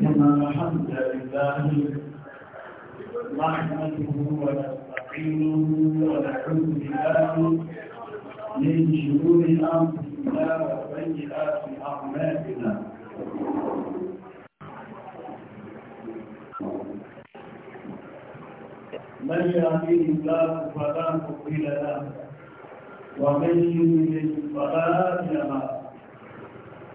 إن الحمد لله نحمده ونستعينه ونعوذ بالله من شرور أنفسنا وسيئات أعمالنا من يهديه الله فلا مضل له ومن يضلل فلا هادي له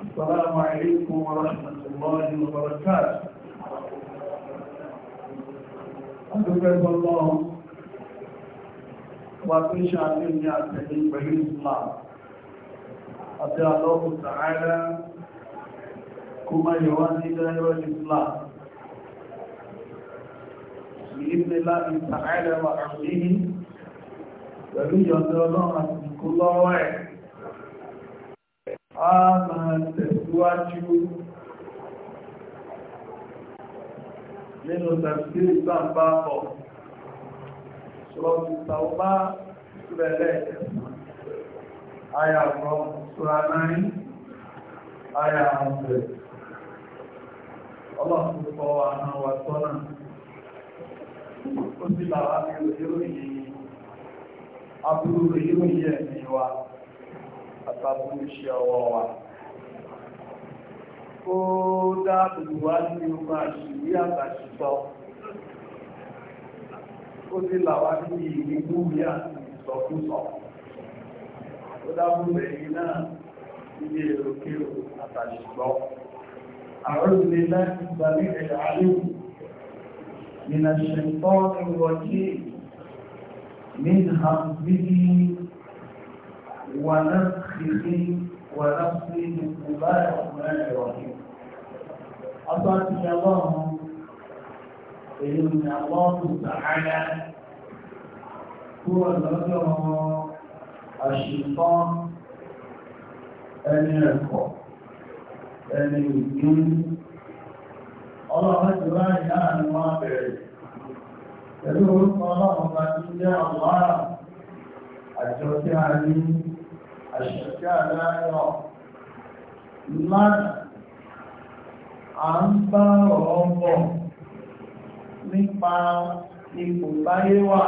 السلام عليكم ورحمة الله وبركاته أدوكيب الله وأتنشى مني أتنين بحيث الله أتى الله تعالى كما يواني دائرة الإسلام بإذن الله تعالى وعليه ومن يرضى الله أن يكون الله a máa tẹ̀síwájú nínú tàbí ìsàmbá ọ̀ ṣọ́lọ́pù tàbá A àyà from sura 9 àyà 100 ọlọ́pù àwọn wà tọ́nà ó sì làwá ní ẹ̀mí wa. àtàbùrú iṣẹ́ ọwọ́ wa ó dáàbùrú wá ní ọmọ àṣìrí àtàṣìsọ ó sì làwá ní ìlú rí àti ìsọkúsọ ó dáàbùrú ẹ̀yìn náà ilé ìrókèrò àtàṣìsọ àwọn ìlú gbà ní ẹ̀yà àríwú من الشيطان الرجيم من همزه ونفخه به ونفسي بسم الله الرحمن الرحيم أصلا إن الله إن الله تعالى هو ذكر الشيطان أن يكون أن يكون الله جل ما يدعو الله من الله الجوزي عليه àṣìkà láyọ̀ lánàá nípa ipò táyé wà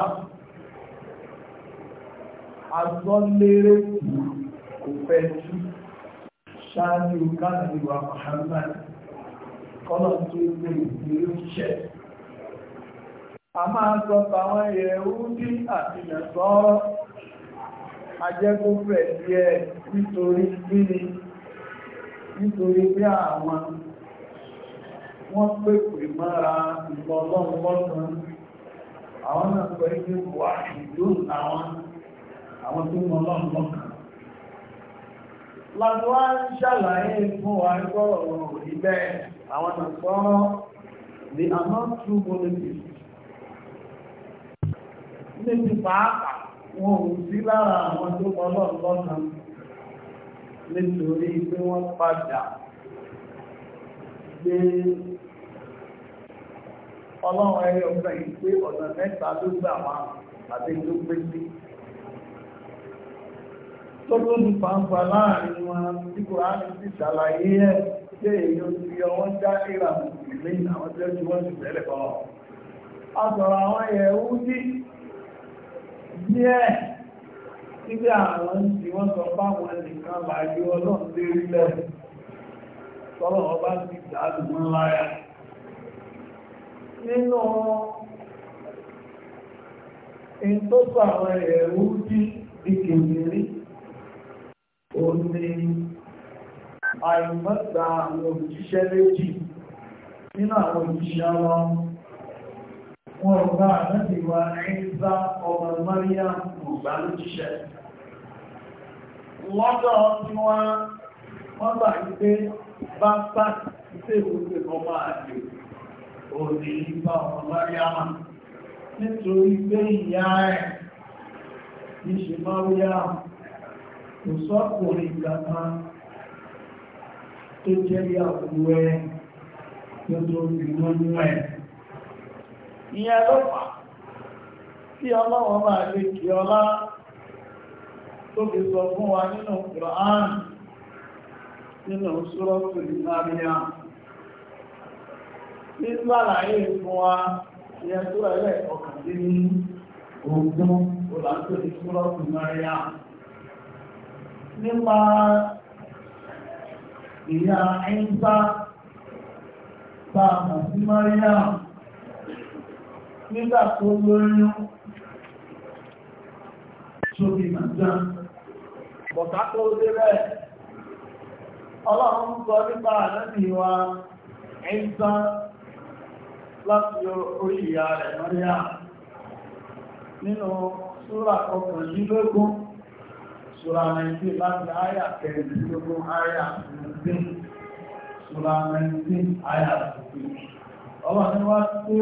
agbọ́lérè kò fẹ́ jù ṣáájú kánàlíwà Muhammad kọ́lọ̀ tó gbé ìgbèrè ṣẹ́ a máa sọ tàwọn ajẹ́kúnfẹ̀ díẹ̀ nítorí kíni nítorí pé àwọn wọ́n pèpè mọ́ra ìpọ̀lọ́pọ̀lọ́pọ̀ àwọn náà pẹ̀ ní wà ìlú àwọn àwọn tó mọ́ lọ́pọ̀lọ́pọ̀ Látíwá ń ṣàlàyé fún wa gbọ́rọ̀ òní bẹ́ẹ̀ àwọn nàṣọ́rọ̀ the amount true monolith. Ní ti pàápàá wọn ò sí lára àwọn tó pọ̀lọ̀ ihe nítorí pé wọ́n padà gbé ọlọ́run ẹyọ fẹ́ pé ọ̀nà mẹ́ta ló gbà wá àti tó pé sí tó tó ní pàǹpà láàrin wọn tí kò ráàrin sí ṣàlàyé pé ti ọwọ́ já àwọn tí wọ́n ti kọ́ a sọ̀rọ̀ àwọn díẹ̀ síbí àwọn tí wọ́n sọ fáwọn nìkan láyé ọlọ́run lérí lẹ́rù ọba ti dàálù mọ́ láyà nínú in tó sọ àwọn ẹ̀rù jí ìkèmìrí ó ní àìmọ́ta àwọn òjíṣẹ́ nínú àwọn òjíṣẹ́ wọn wọn ò bá àdáti wa ẹ̀ẹ́sá ọmọ maria ògbà ló jíṣẹ́ lọ́dọ̀ tí wọ́n wọ́n gbà wípé bá bá ṣe ìwòsè ọmọ àjò òní ìgbà ọmọ nítorí ìyá ẹ̀ kò sọ́kùnrin tó jẹ́ ìyẹn ló tí ọlọ́wọ́ máa lè kí ọlá tó fi sọ fún wa nínú Quran nínú ṣúrọ́tù ìlàmíyà ní lálàyé fún wa ìyẹn tó ẹ̀rẹ́ ọkàdé ní ogun olàtò ìṣúrọ́tù ìlàmíyà nípa ìyá bá nígbà tó lóyún tóbi màján bọ̀ká tó dé rẹ̀ ọlọ́run sọ nípa àlẹ́bí wa ẹ̀ńsá láti orí ìyá rẹ̀ mọ́ríà nínú súra ọkùnrinlógún súra nàìjíríà láti àyà kẹrìndínlógún àyà nàìjíríà súra nàìjíríà àyà nàìjíríà ọlọ́run wá tó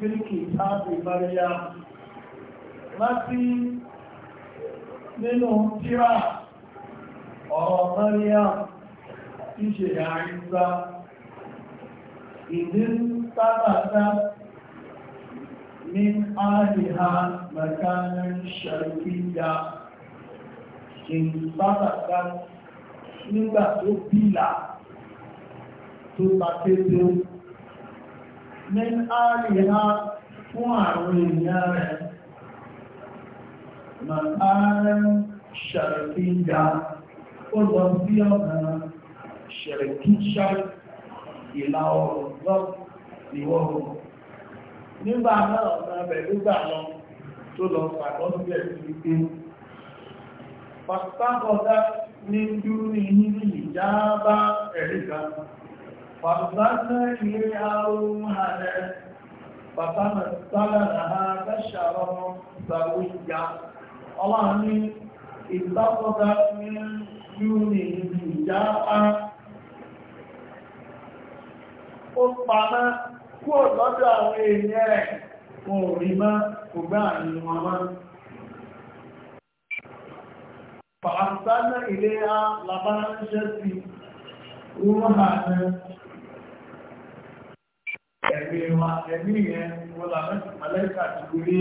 fílìkì táàbì maria láti nínú tíra ọ̀rọ̀ maria tí ṣe àìsá ìdí sábàtà ní àríhà mẹ́kánà ṣàríkíyà ìdí sábàtà nígbà tó bílà tó takété ní àríhá fún àwọn ènìyàn rẹ̀ màtàrán ṣàrẹ̀fíńdà ó lọ sí ọ̀nà ṣàrẹ̀kíṣà ìlà ọ̀rọ̀ lọ ìwọ̀ oòrùn nígbà náà ọ̀nà bẹ̀rúgbà lọ tó ní dúró ní ìjábá ẹ̀ríkà فارسلنا إليها روحنا فتمثل لها بشرا سويا الله من اتخذت من دونه حجابا ó pamá kúrò lọ́dọ̀ àwọn èèyàn rẹ̀ wọn ò rí má ilé á labá ń ṣẹ́ sí rúrùn àárín ẹ̀mí wa ẹ̀mí yẹn wọ́n làmẹ́sì mẹ́lẹ́kà ti gúrí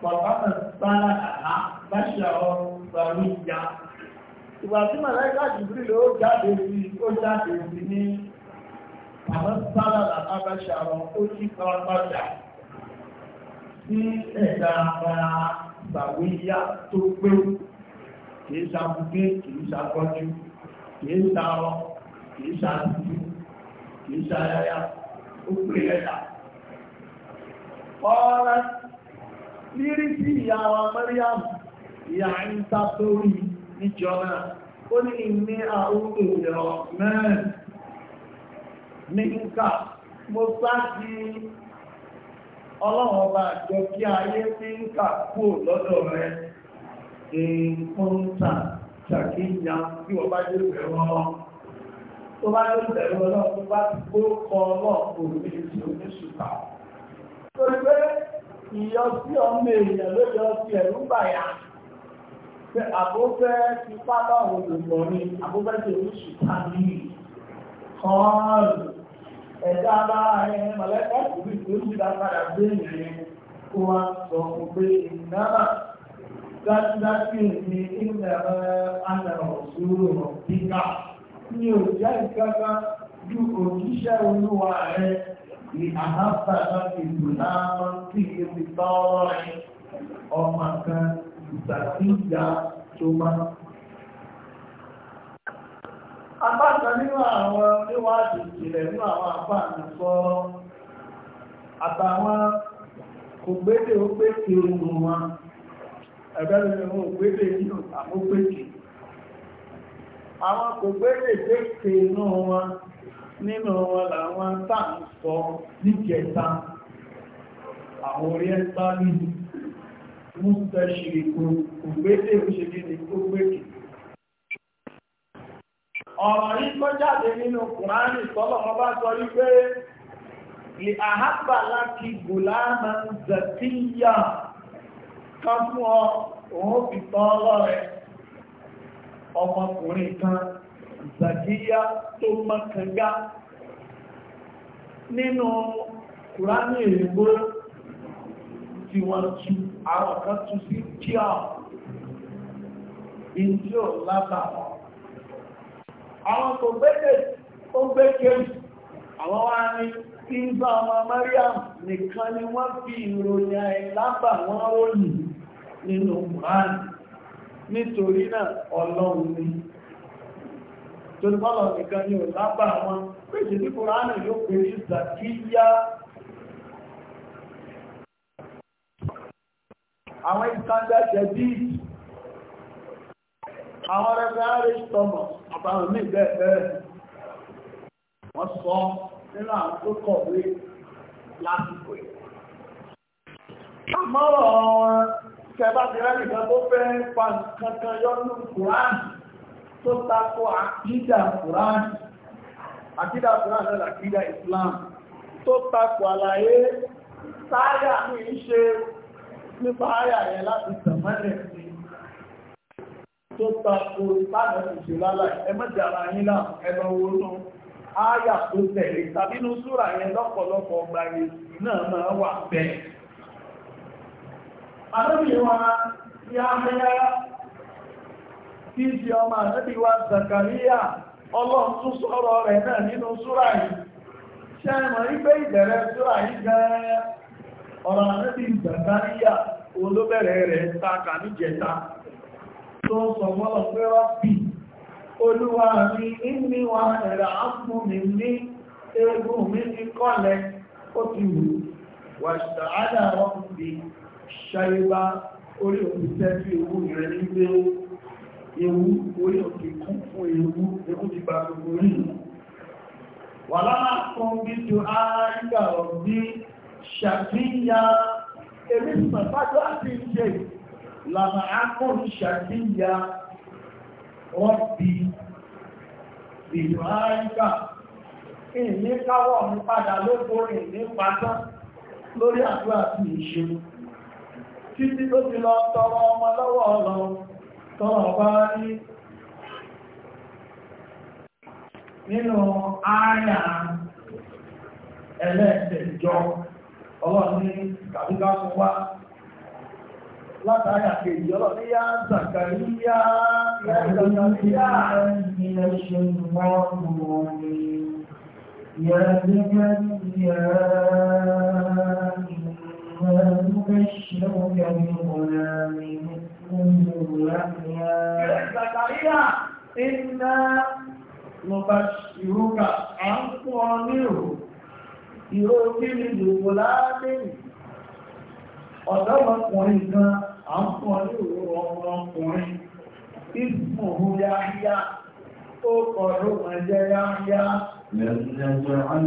pàpàtà sára àná báṣà ọ pàrú ìyá ìwà tí mẹ́lẹ́kà ti gúrí ló jáde sí ó jáde sí ní àmọ́ sára àná báṣà ọ ó sì kan padà sí ẹ̀dá ara gbàwíyá tó pé kìí ṣàbùgbé kìí ṣàgbọ́jú kìí ṣàrọ kìí ṣayaya ó pè ẹ̀dà ọ̀rẹ́ lírí sí ìyá wa Mariam ìyá ń ta sórí níjọ náà ó ní ní àwọn òṣèrò mẹ́rin ní nǹka mo sáàkì ọlọ́run ọba kí ayé tí ń kà kú lọ́dọ̀ rẹ̀ èèkúntà ṣàkíyàn bí wọ́n bá jẹ́ ìfẹ́ tó bá ní ìbẹ̀rù ọlọ́run tó bá ti kó kọ ọlọ́run òbí ti oníṣùkà. torí pé ìyọsí ọmọ èèyàn ló yọ sí ẹ̀rú bàyà pé àbófẹ́ ti pápá òdòdó ni àbófẹ́ ti oníṣùkà ní kọ́ọ̀lù ẹ̀dá bá ẹ̀ mọ̀lẹ́kọ̀ọ́ kò bí tó ń gbìdá padà gbé ìrìn kó wá sọ fún pé ìnáwó dájúdájú ní ìlẹ̀ ẹ̀rọ àtẹ̀rọ̀ òṣùwò ọ̀díkà. ní òjá ìkápá ju òjíṣẹ́ olúwa rẹ̀ ní àhápà láti ìlú láàárọ̀ tí rẹ̀ ọmọ kan ìgbàsíjà tó máa. Apáta nínú àwọn níwájú ìjìnlẹ̀ nínú àwọn apá àmìsọ́rọ̀ àtàwọn kò gbédè ó pé kí oòrùn wọn àwọn kò gbélé gbèsè inú wọn nínú wọn làwọn tá ń sọ níjẹta àwọn orí ẹgbá ní músta ṣìrìkò kò gbélé òṣèlú ní kó gbèsè ọ̀rọ̀ yìí kọ́ jáde nínú kùránì sọ́lọ̀ wọn bá sọ wípé lè àhábà láti kan fún ọ òun fi ọmọkùnrin kan zakiya tó mọ́kànlá nínú kùránì èyíkó tí wọ́n tú àwọn kan tú sí kíá ìjọ látàwọn àwọn kò gbẹ́gbẹ́ ó gbẹ́gbẹ́ àwọn wá ní ìgbà ọmọ Mariam nìkan ni wọ́n fi ìròyìn àìlábà ó yìí nínú kùránì nítorí náà ọlọ́run ni tó ní bọ́lọ̀ nìkan ni ò lábà wọn pèsè ní kòránì ló pè ní ya. àwọn ìsáńdá jẹ́bí àwọn rẹ̀fẹ́ irish thomas àbáwọn ní ìbẹ̀ẹ̀bẹ̀ wọ́n sọ nínú àwọn tó kọ̀wé lásìkò tẹ́bá ti rẹ́ nìkan tó fẹ́ pa kankan kan yọ́nú kùránì tó tako àkídà kùránì àkídà kùránì lọ́la àkídà Islam tó tako àlàyé sáyà ní ṣe nípa àyà láti tẹ̀mọ́lẹ̀ sí tó tako sáyà anábìwa Yahya tí í ṣe ọmọ anábìwa Zakariya ọlọ́run tún sọ̀rọ̀ rẹ̀ náà nínú súrà yìí ṣe mọ̀ wípé ìbẹ̀rẹ̀ súrà yìí gan-an ọ̀rọ̀ anábì Zakariya olóbẹ̀rẹ̀ rẹ̀ ta kà ní jẹta tó ń sọ mọ́lọ̀ pé rọ́bì olúwa mi ní wa ẹ̀rà mi ní egun mi ní kọ́lẹ̀ ó ti wù wàṣà ádà rọ́bì ṣáyébá orí òkú tẹ́bí ewu rẹ̀ nígbé ewu orí òkú kún fún ewu ewu ti bá gbogbo rí wà lára kan bí tó àárígbà ọ̀gbí ṣàkíyà eré pàpájọ́ àti ìṣẹ́ lànà akọ́rù ṣàkíyà ọ̀bí ìlú àárígbà ìní káwọ̀ ní padà lókòrò ìní pátá lórí àdúrà sí ìṣẹ́lú títí tó ti lọ tọrọ ọmọ lọ́wọ́ ọlọ́run tọrọ bá rí nínú ààyà ẹlẹ́ẹ̀tẹ̀jọ ọlọ́ni kàbíká fún wá látàrí àkèjì ọlọ́ni yá Zàkàríyá yá Zàkàríyá ilẹ̀ ṣe mọ́rùn-ún ni yẹ́ إنا نبشرك بغلام اسمه يحيى زكريا إنا نبشرك أنطونيو يوكي لغلام ọ̀dọ́mọkùnrin kan à ń fún ọ ní òwúrọ̀ ọmọkùnrin ìsìnkú yáyá ó kọ̀ ló mọ̀ jẹ́ yáyá lẹ́yìn ẹgbẹ̀rún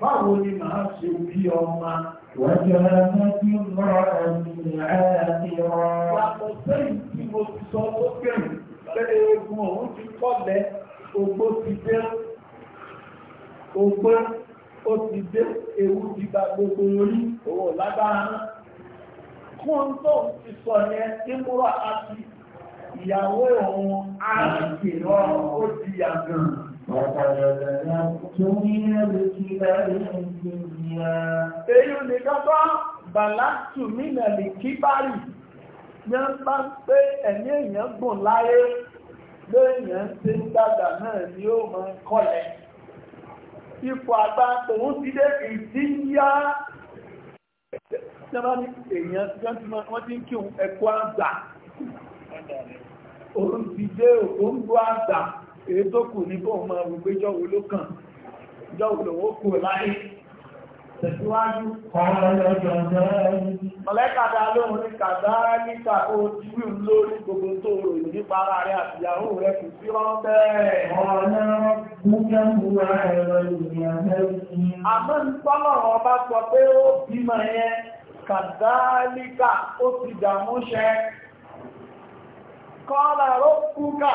báwo ni màá ṣe bí ọmọ wàjọ ẹni tí ń rọ ẹni àti rọ. yàtọ̀ sẹ́yìn tí mo ti sọ tó kẹrin lẹ́yìn egun òun ti kọ́lẹ̀ ogbó ti dé ogbó ó ti dé ewu ti gba gbogbo orí òwò lágbára náà. kún tó ti sọ yẹn tí mo rà á sí ìyàwó òun á sì rọrùn ó ti yàgàn. Ọ̀pọ̀lọpọ̀ ẹ̀rọ tún ní ẹ̀rù kí bẹ̀rẹ̀ ìgbìyà. Èyí ni kọ́kọ́ bàlátù mínà lè kí bárì, ní ń bá ń pé ẹ̀mí èèyàn gùn láyé lóèyàn tí ń dàgbà náà ni ó máa ń kọ́lẹ̀. Ipò àgbà tòun ti dé ìdíyá tí wọ́n ní èèyàn tí wọ́n ti ń kí ẹ̀kọ́ àgbà. Òun ti dé ògbóngbó àgbà èyí tó kù ní bóò máa wùgbé jọ́wò ló kàn jọ́wò lòwó kù láyé tẹ̀síwájú ọ̀lẹ́kàdá lóhun ní kàdára níta ó tíwìm lórí gbogbo tó rò nípa ara rẹ̀ àti ìyàwó rẹ̀ kù sí rọ́ńbẹ́ àmọ́ ó ti dàmúṣẹ kọ́lá rọ́pùkà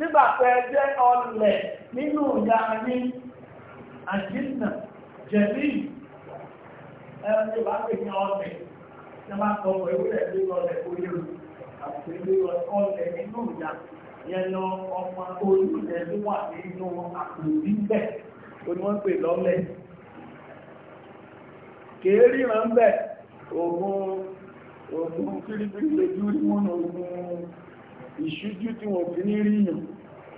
nígbà pẹ́ jẹ́ ọlẹ̀ nínú ìyá ní àjínà jẹ̀lì ẹni bá pè ní ọlẹ̀ tí a máa kọ pẹ̀ wílẹ̀ lé ọlẹ̀ oyèrò àti ilé ọlẹ̀ nínú ìyá yẹnà ọmọ olùdẹ̀ ló wà nínú àpòrí bẹ́ẹ̀ oníwọ́npè lọ́lẹ̀ kèérí rán bẹ́ẹ̀ ògùn ògùn kírìkírì lójú rí múnà ògùn ìṣújú tí wọ́n fi ní ríyàn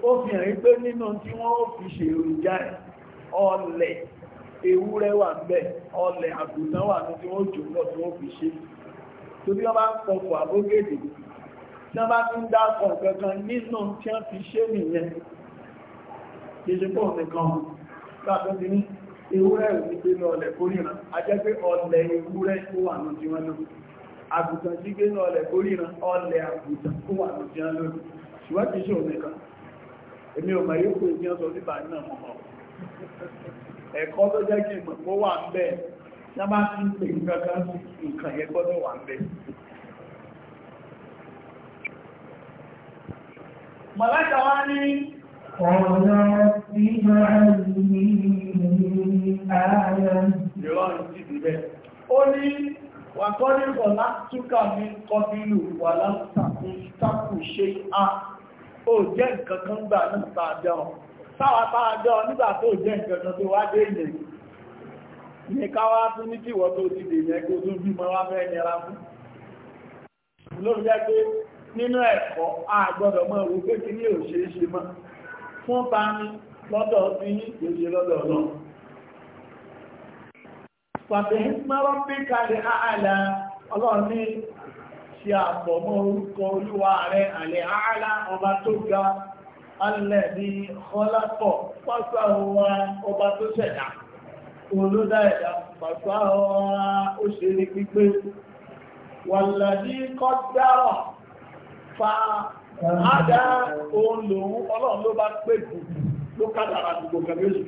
ó fi hàn pé nínú tí wọ́n fi ṣe èròjà ọlẹ̀ ewúrẹ́ wà bẹ́ ọlẹ̀ àgùntàn wà ní tí wọ́n jò lọ tí wọ́n fi ṣe tó bí wọ́n bá ń pọ̀pọ̀ àbógèdè tí wọ́n bá ti ń dákọ̀ kankan nínú tí wọ́n fi ṣe nìyẹn kì í ṣe pọ̀ nìkan láti ti ní ewúrẹ́ òní pé ní ọlẹ̀ kórìíran a jẹ́ pé ọlẹ̀ ewúrẹ́ wà ní tí wọ́n lò àgùntàn tí gbé náà ọlẹ̀ kórìíran ọlẹ̀ àgùntàn fún àgùntàn lónìí ṣùgbọ́n kìí ṣe òun nìkan èmi ò mọ̀ yóò kó ìdí ọ̀sọ̀ nígbà náà mọ̀ ẹ̀kọ́ tó jẹ́ kí ìmọ̀ kó wà ń bẹ̀ bá ti ń pè nǹkan nǹkan yẹn gbọ́dọ̀ wà ń bẹ̀. ìrọ̀rùn wà kọ́ ní ọ̀lá túkà mi kọbílù wà látàkù ṣe a ó jẹ́ nǹkankan gbà náà tààjọ́ sáwà tààjọ́ nígbà tó jẹ́ nǹkankan tó wá dé ilẹ̀ ní káwá tún ní tíwọ́ tó ti dè mẹ́kó tó bí mọ́ wá fẹ́ nira fún lórí jẹ́ pé nínú ẹ̀kọ́ àgbọ́dọ̀ mọ́ òwú pé kí ní òṣèṣe mọ́ fún ta ní lọ́dọ̀ sí ní ìṣe pàtẹ́ mọ́rọ́ pé kalẹ̀ àálà ọlọ́run ní ṣe àpọ̀mọ́ orúkọ olúwa rẹ̀ àlẹ́ àálà ọba tó ga alẹ́ ní ọlápọ̀ pàṣà ọwá ọba tó ṣẹ̀dá olódá ẹ̀dá òun lòun ọlọ́run ló bá pè kù ló kádàrà gbogbo kẹ̀lú èsì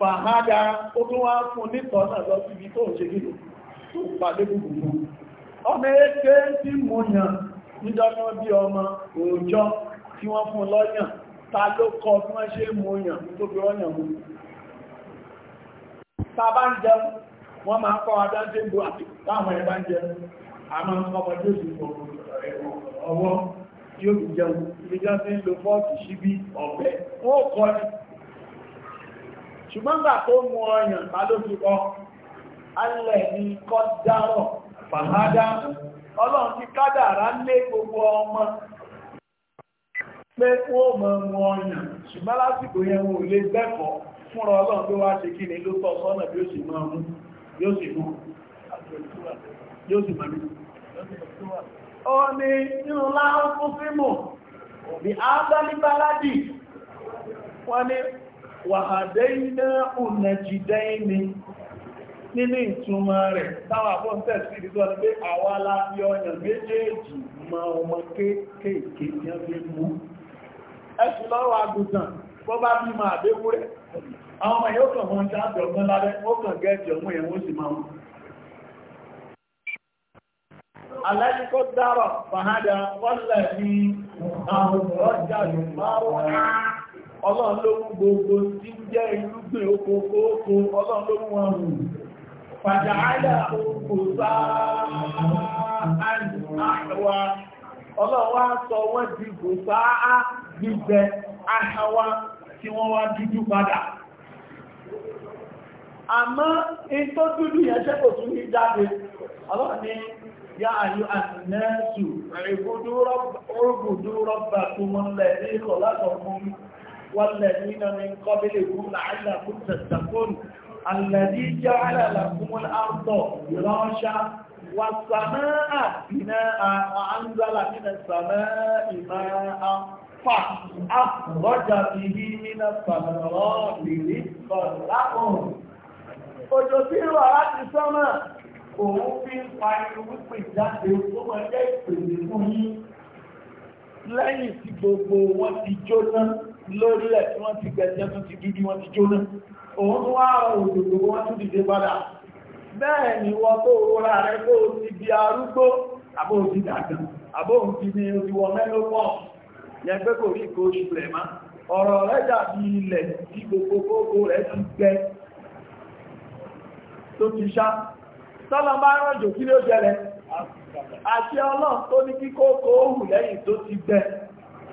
fàhádá ó tún wá fún nítọ̀ náà lọ sí ibi tó ṣe gínú tó pàdé gbogbo ọmọ eke tí mo yàn níjọ́nà bí ọmọ òòjọ́ tí wọ́n fún lọ́yàn ta ló kọ tí wọ́n ṣe mo yàn tó fi rọ́yàn mú ta bá ń jẹun wọ́n máa kọ́ adájé gbò àti táwọn ẹ̀bá ń jẹun a máa ń kọ́ ọmọdé òsìnkò ọwọ́ yóò fi jẹun ilé jẹ́ sí lo fọ́ọ̀tì síbí ọ̀bẹ wọ́n kọ́ ni ṣùgbọ́n gbà tó mú ọyàn ta ló fi kọ́ alẹ̀ ní kọ́ dárọ̀ ọlọ́run ti kádàrá lé gbogbo ọmọ pé wọ́n mọ̀ mú ọyàn ṣùgbọ́n lásìkò yẹn wọn lè gbẹ́kọ̀ọ́ fúnra ọlọ́run tó wá ṣe kí wàhàdé iná ònàjìdẹ́ ní nínú ìtumọ̀ rẹ̀ táwà fún tẹ̀sí ìdíkọ́ ní pé àwa la fi ọyàn méjèèjì mọ ọmọ kéèkéèké tí wọ́n fi mú ẹ̀sùn lọ́wọ́ àgùntàn bọ́ bá bí ma àbéwúrẹ́ ọlọ́run ló mú gbogbo tí ń jẹ́ irúgbìn okòókò ọlọ́run ló mú wọn hù padà sáà sọ wọ́n kò sáà gbígbẹ tí wọ́n wá dúdú padà àmọ́ in tó dúdú yẹn tún ní jáde والذين من قبلهم لعلكم تتقون الذي جعل لكم الأرض فراشا والسماء بناء وأنزل من السماء ماء فأخرج به من الثمرات رزقا لكم Òjò tí ìwà láti sánmà, òun fi ń pa irú wípé jáde tó máa jẹ́ ìpèsè fún yín lẹ́yìn tí gbogbo wọn ti jóná. lórílẹ̀ tí wọ́n ti gbẹ̀jẹ́ tó ti dúdú wọ́n ti jóná òun tó wá òdòdó wọ́n tún dìde padà bẹ́ẹ̀ ni wọ́n tó rọra rẹ̀ kó ti di arúgbó àbó ti dàgbà àbó ti ní oríwọ mẹ́lọ́pọ̀ yẹn pé kò rí ìkó oṣù rẹ̀ má ọ̀rọ̀ rẹ̀ dàbí ilẹ̀ tí gbogbo gbogbo rẹ̀ ti gbẹ tó ti ṣá tọ́lọ bá rọ̀jò kí ló jẹrẹ àti ọlọ́run tó ní kíkókó hù lẹ́yìn tó ti gbẹ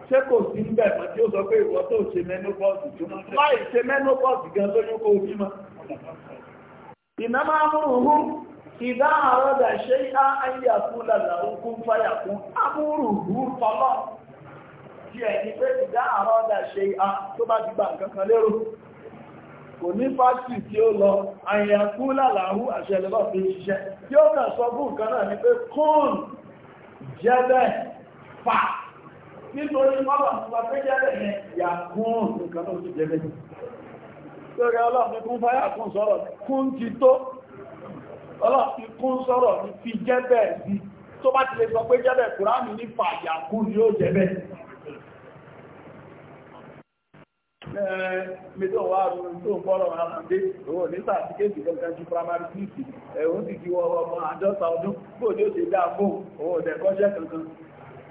ṣé kò sí ń bẹ̀ mọ́ tí ó sọ pé ìwọ tó ṣe mẹ́nópọ́ọ̀sì tó máa láì ṣe mẹ́nópọ́ọ̀sì gan lóyún kó bí mọ́. ìná máa mú òhun ìdá àrọ́dà ṣe á ayé àkúlà làwọn kún fáyà fún amúrùhù tọ́lọ́ tí ẹ̀ ní pé ìdá àrọ́dà ṣe á tó bá ti gba nǹkan kan lérò kò ní fásitì tí ó lọ ayé àkúlà làwọn àṣẹlẹ́bọ̀ fi ṣiṣẹ́ tí ó kàn sọ fún nǹkan náà ni pé kóòn jẹ́ bẹ́ẹ̀ fà nítorí ọlọ́run tó bá fẹ́ jẹ́lẹ̀ yẹn ìyà kún nǹkan náà ti jẹ́lẹ̀ lórí ọlọ́run kún fáyà kún sọ̀rọ̀ kún ti tó ọlọ́run kún sọ̀rọ̀ ní fi jẹ́bẹ̀ sí tó bá ti lè sọ pé jẹ́bẹ̀ kùránì ní fàyà kún ni ó jẹ́bẹ̀ mẹ́tọ̀ wà rúrùn tó ń bọ́rọ̀ àmàdé owó ní sàtíkéèsì kankan ju primary six ẹ̀hún sì kí wọ́n ọmọ àádọ́ta ọdún bóòdó òun ọ̀dẹ̀kọ́ṣẹ́ kankan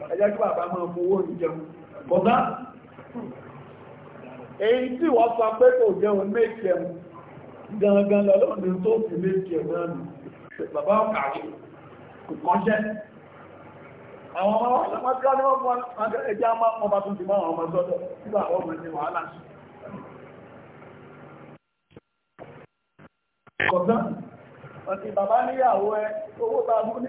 ẹjẹ́ kí bàbá máa mú owó ìjẹun bọ́dá èyí tí wọ́n sọ pé kò jẹun méjẹun gangan lọ́lọ́dún tó fi méjẹun náà nù bàbá ọkàrí kò kọ́ṣẹ́ àwọn ọmọ ọmọ tí wọ́n mọ́ ẹjẹ́ máa mọ́ bá tún ti máa ọmọ sọ́dọ̀ nígbà ọmọ ní wàhálà sí kọ̀dán àti bàbá níyàwó ẹ owó tàbí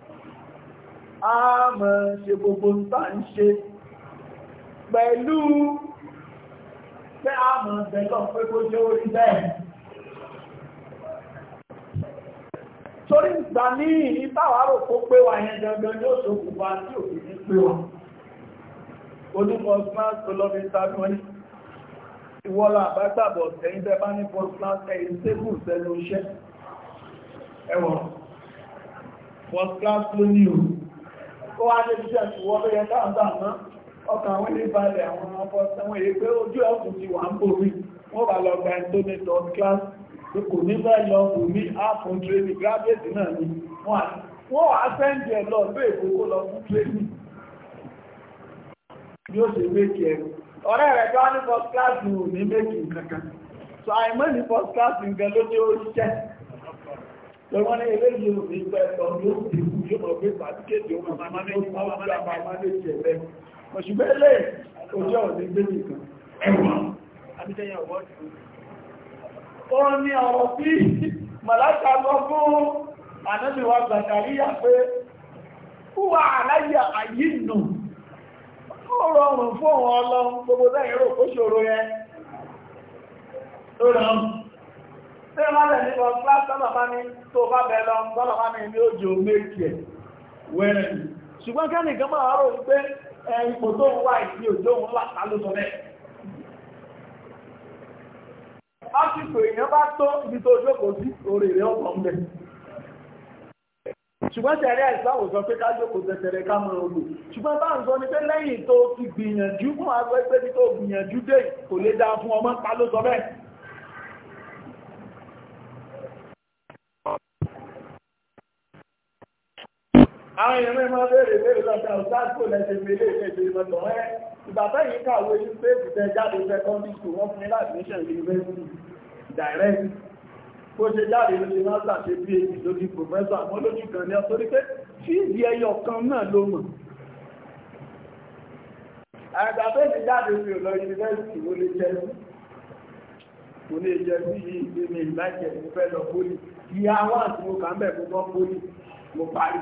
a mọ̀ ṣe gbogbo tá ń ṣe pẹ̀lú pé a mọ̀ bẹ̀lọ́ pé kó jẹ́ orí bẹ́ẹ̀ torí ìgbà ní ìtawárò kó pé wà yẹn gangan ní òṣòkùnfà tí òkú ní pé wà onímọ̀ smart olómìnira kan ìwọ́lá àbátàbọ̀ tẹ́yìn tẹ́ bá ní first class ẹ̀yìn class kó wá dé iṣẹ́ ìwọ́ ló yẹ káàbà mọ́ ọkàn àwọn ilé balẹ̀ àwọn ọmọ ọmọ èyí pé ojú ẹ̀kùn ti wà ń borí wọ́n bá lọ gba ẹ̀tọ́ ní third class pé kò ní fẹ́ lọ kò ní ààfún training graduate náà ni wọ́n wá sẹ́ǹdì ẹ̀ lọ bí èkó lọ fún training bí ṣe méjì ẹ̀rù ọ̀rẹ́ rẹ̀ tó wá ní first class ní ò méjì kankan so àìmọ́ ní first class lọ́wọ́ ní ilé ìlú ní ìgbà ẹ̀tọ́ ní ó ti kú yóò mọ̀ pé pàtíkèdè ó máa máa ní ìpáwà máa máa ní ìṣẹ̀lẹ̀ ọ̀ṣùgbẹ́lẹ̀ ojú ọ̀dẹ́ gbé nìkan ẹ̀wọ̀n ó ní ọ̀rọ̀ bí fún ànábìwà Zakaria pé fúwà aláyà ayé nù ó rọrùn ṣé wọ́n lè ní wọn class tọ́nà bá ní tó bá bẹ lọ tọ́nà bá ní ilé òjò méjì ẹ̀ ni ṣùgbọ́n kẹ́ni kan máa rò pé ipò tó ń wá ìdí òjò ń là ká ló sọ bẹ́ẹ̀. lásìkò èèyàn bá tó ibi tó jókòó sí orí rẹ̀ ọ̀pọ̀ ń bẹ̀. ṣùgbọ́n tẹ̀rẹ́ ìsáwò sọ pé àwọn èèyàn mẹ́rin máa bèèrè bèèrè lọ́jà òsáàkò lẹ́sẹ̀ mẹ́lẹ̀ ìfẹ́ ìmọ̀tọ̀ ẹ́ ìgbàtà yìí kàwé yìí pé ìfẹ́ jáde fẹ́ kọ́ndíṣù wọ́n fún ilá admission university direct kó ṣe jáde ló ṣe master ṣe phd lórí professor àmọ́ lójú kan ní ọ̀tọ́rí pé fíìsì ẹyọ kan náà ló mọ̀ àgbà tó ti jáde mi ò lọ university mo lè jẹ mo lè jẹ sí ilé mi ìlàjẹ mo fẹ́ lọ poli ìyá wà tí mo kà ń bẹ̀ mo gbọ́ poli mo parí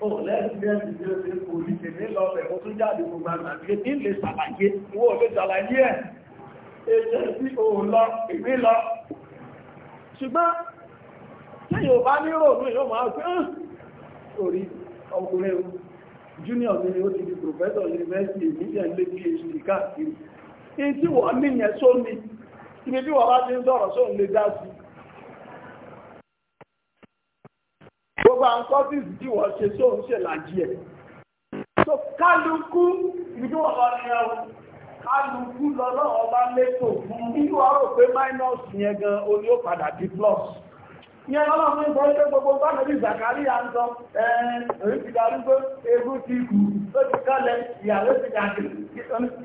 ṣùgbọ́n tí yóò bá ní ròrò yóò máa fi ń orí ọkùnrin ohun junior ni ó ti di professor university ìmìyàn lé phd káàkiri. in tí wọ́n ní yẹn só ní ibi bí wọ́n bá ti ń sọ̀rọ̀ sóhun lè dá gbogbo àwọn kọ́sìsì tí wọ́n ṣe tó ń ṣèlàjì ẹ̀ so kálukú ìdú ọ̀rọ̀ ni ẹ̀ kálukú lọ́lọ́wọ́ bá lẹ́tò fún nínú ọ̀rọ̀ pé minus yẹn gan oní ó padà di plus yẹn lọ́lọ́run ń sọ pé gbogbo bánàbí zakari à ń sọ ẹ̀ẹ́n ti darúgbó egú ti kù ó ti kálẹ̀ ìyàwó ti dàgbé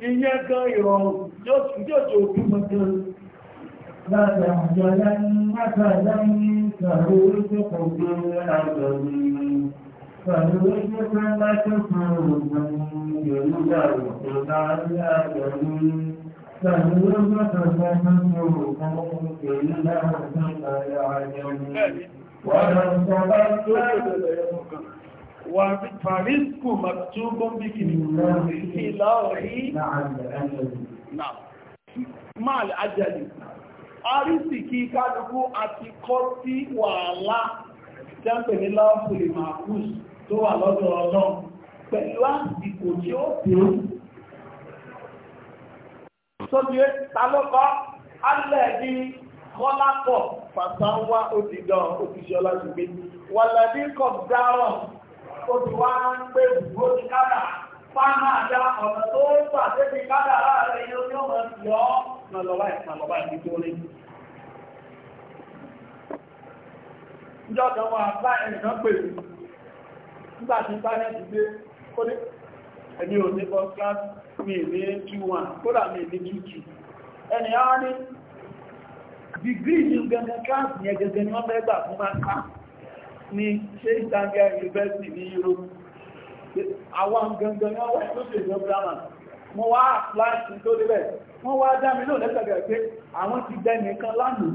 ìyẹn gan فهو ينفق في العجمين فهو ينفق ما تكون من يلقى مع العجمين فهو ينفق ما تكون إلا مع العجمين ولو تبقى وفالرزق مكتوب بكلمة في لوح مع الأجل مع الأجل àrísìkí kálukú àti kọ́ sí wàhálà jẹ́ǹpẹ̀ ní láàpùlì marcus tó wà lọ́dọ̀ ọlọ́run pẹ̀lú àsìkò tí ó dé sóbi tálọ́kọ́ alẹ́ ní kọ́lápọ̀ pàtàwà òdìdàn òfìṣọ́lá ṣùgbé wàlẹ́dí kọ̀ dáràn ó ń pè bó kádà fáhà já ọ̀nà tó gbà tẹ́sí kádà láàrẹ̀ ilé oní ọmọ sí ọ́ nàlọ́bá ìpàlọ́bá ìdí tó rí. Ìjọ́ kan wà bá pè mí nígbà tí sáyẹ́ǹsì gbé kódé ẹni ò ní first class mi ní 1 kódà mi ní 2 ni àwọn gangan wọ́n wọ́n tó ṣe ìjọ drama wọ́n wá láti tó débẹ̀ wọ́n wá dá mi lóòrẹ́ tẹ̀gẹ̀ pé àwọn ti dẹ nìkan lánàá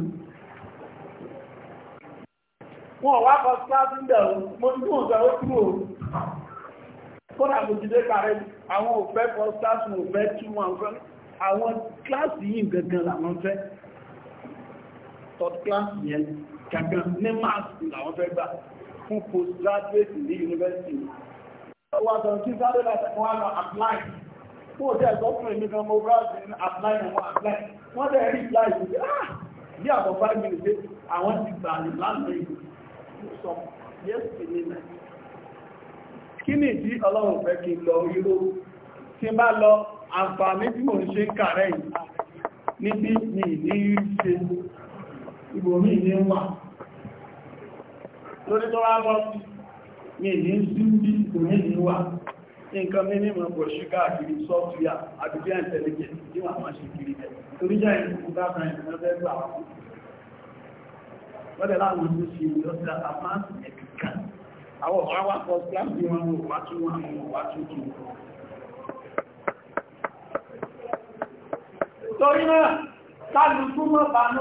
wọ́n wá kọ síláàsì ń bẹ̀rù mo ní òun sọ̀rọ̀ tí mo kódà kò jíde kàrẹ́ àwọn òfẹ́ kọ síláàsì òfẹ́ tí wọ́n fẹ́ àwọn kíláàsì yìí gangan làwọn fẹ́ third class yẹn gangan ní máàsì làwọn fẹ́ gbà fún postgraduate ní yunifásitì wà tọ̀ kí sáré láti wà lọ apply fún òjò ẹ̀sọ́kùnrin mi kan mo browse ní apply ní wọ́n apply wọ́n dẹ̀ rí apply yìí ah bí àbọ̀ five minutes àwọn ti gbà ní lánàá ìlú sọ yẹ́sì ní nàìjíríà kí ni ìdí ọlọ́run fẹ́ kí lọ irú tí bá lọ àǹfààní tí mò ń ṣe ń kàrẹ́ yìí níbi ní ìní ṣe ìbòmí ní wà lórí tó rá mọ́ ní ní zúndí kò ní ní wá nǹkan mímí mọ̀ pọ̀ ṣe káàkiri sọ́fíà àbíbí àìtẹ̀lẹ́gẹ̀ tí wọ́n máa ṣe kiri ẹ̀ torí jẹ́ ìlú bá kan ìlú náà fẹ́ gbà wọn wọ́n dẹ̀ láwọn ọdún sí ìlọ́sílá àmáàsì ẹ̀kìkà àwọn awakọ̀ síláàpì wọn wà tún wọn wà tún tún torí náà kálùkú mọ́ bàánú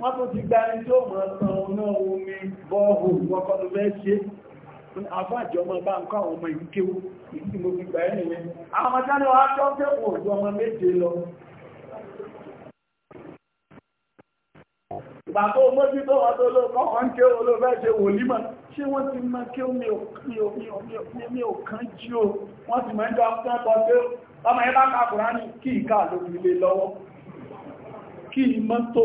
wọ́n tó ti gbá ẹni tí ó mọ̀ ọ̀tàn ọ̀nà omi bọ́ọ̀hù wọ́kọ́lù fẹ́ ṣe àfáàjọ ọmọ bá ń kọ́ àwọn ọmọ ìkéwú ìsí mo fi gbà ẹ́ nìyẹn àwọn ọmọ jáde wá tó fẹ́ wò ju ọmọ méje lọ ìgbà tó o mójú tó wọ́n tó ló kọ́kọ́ ń ké olóòfẹ́ ṣe wòlímọ̀ ṣé wọ́n ti mọ kí omi ò jí o wọ́n ti mọ ẹjọ́ pọ́pọ́ pé ọmọ ẹ bá kàkùrá ní kí ìkà ló fi lè lọ́wọ́ kí ìmọ́ tó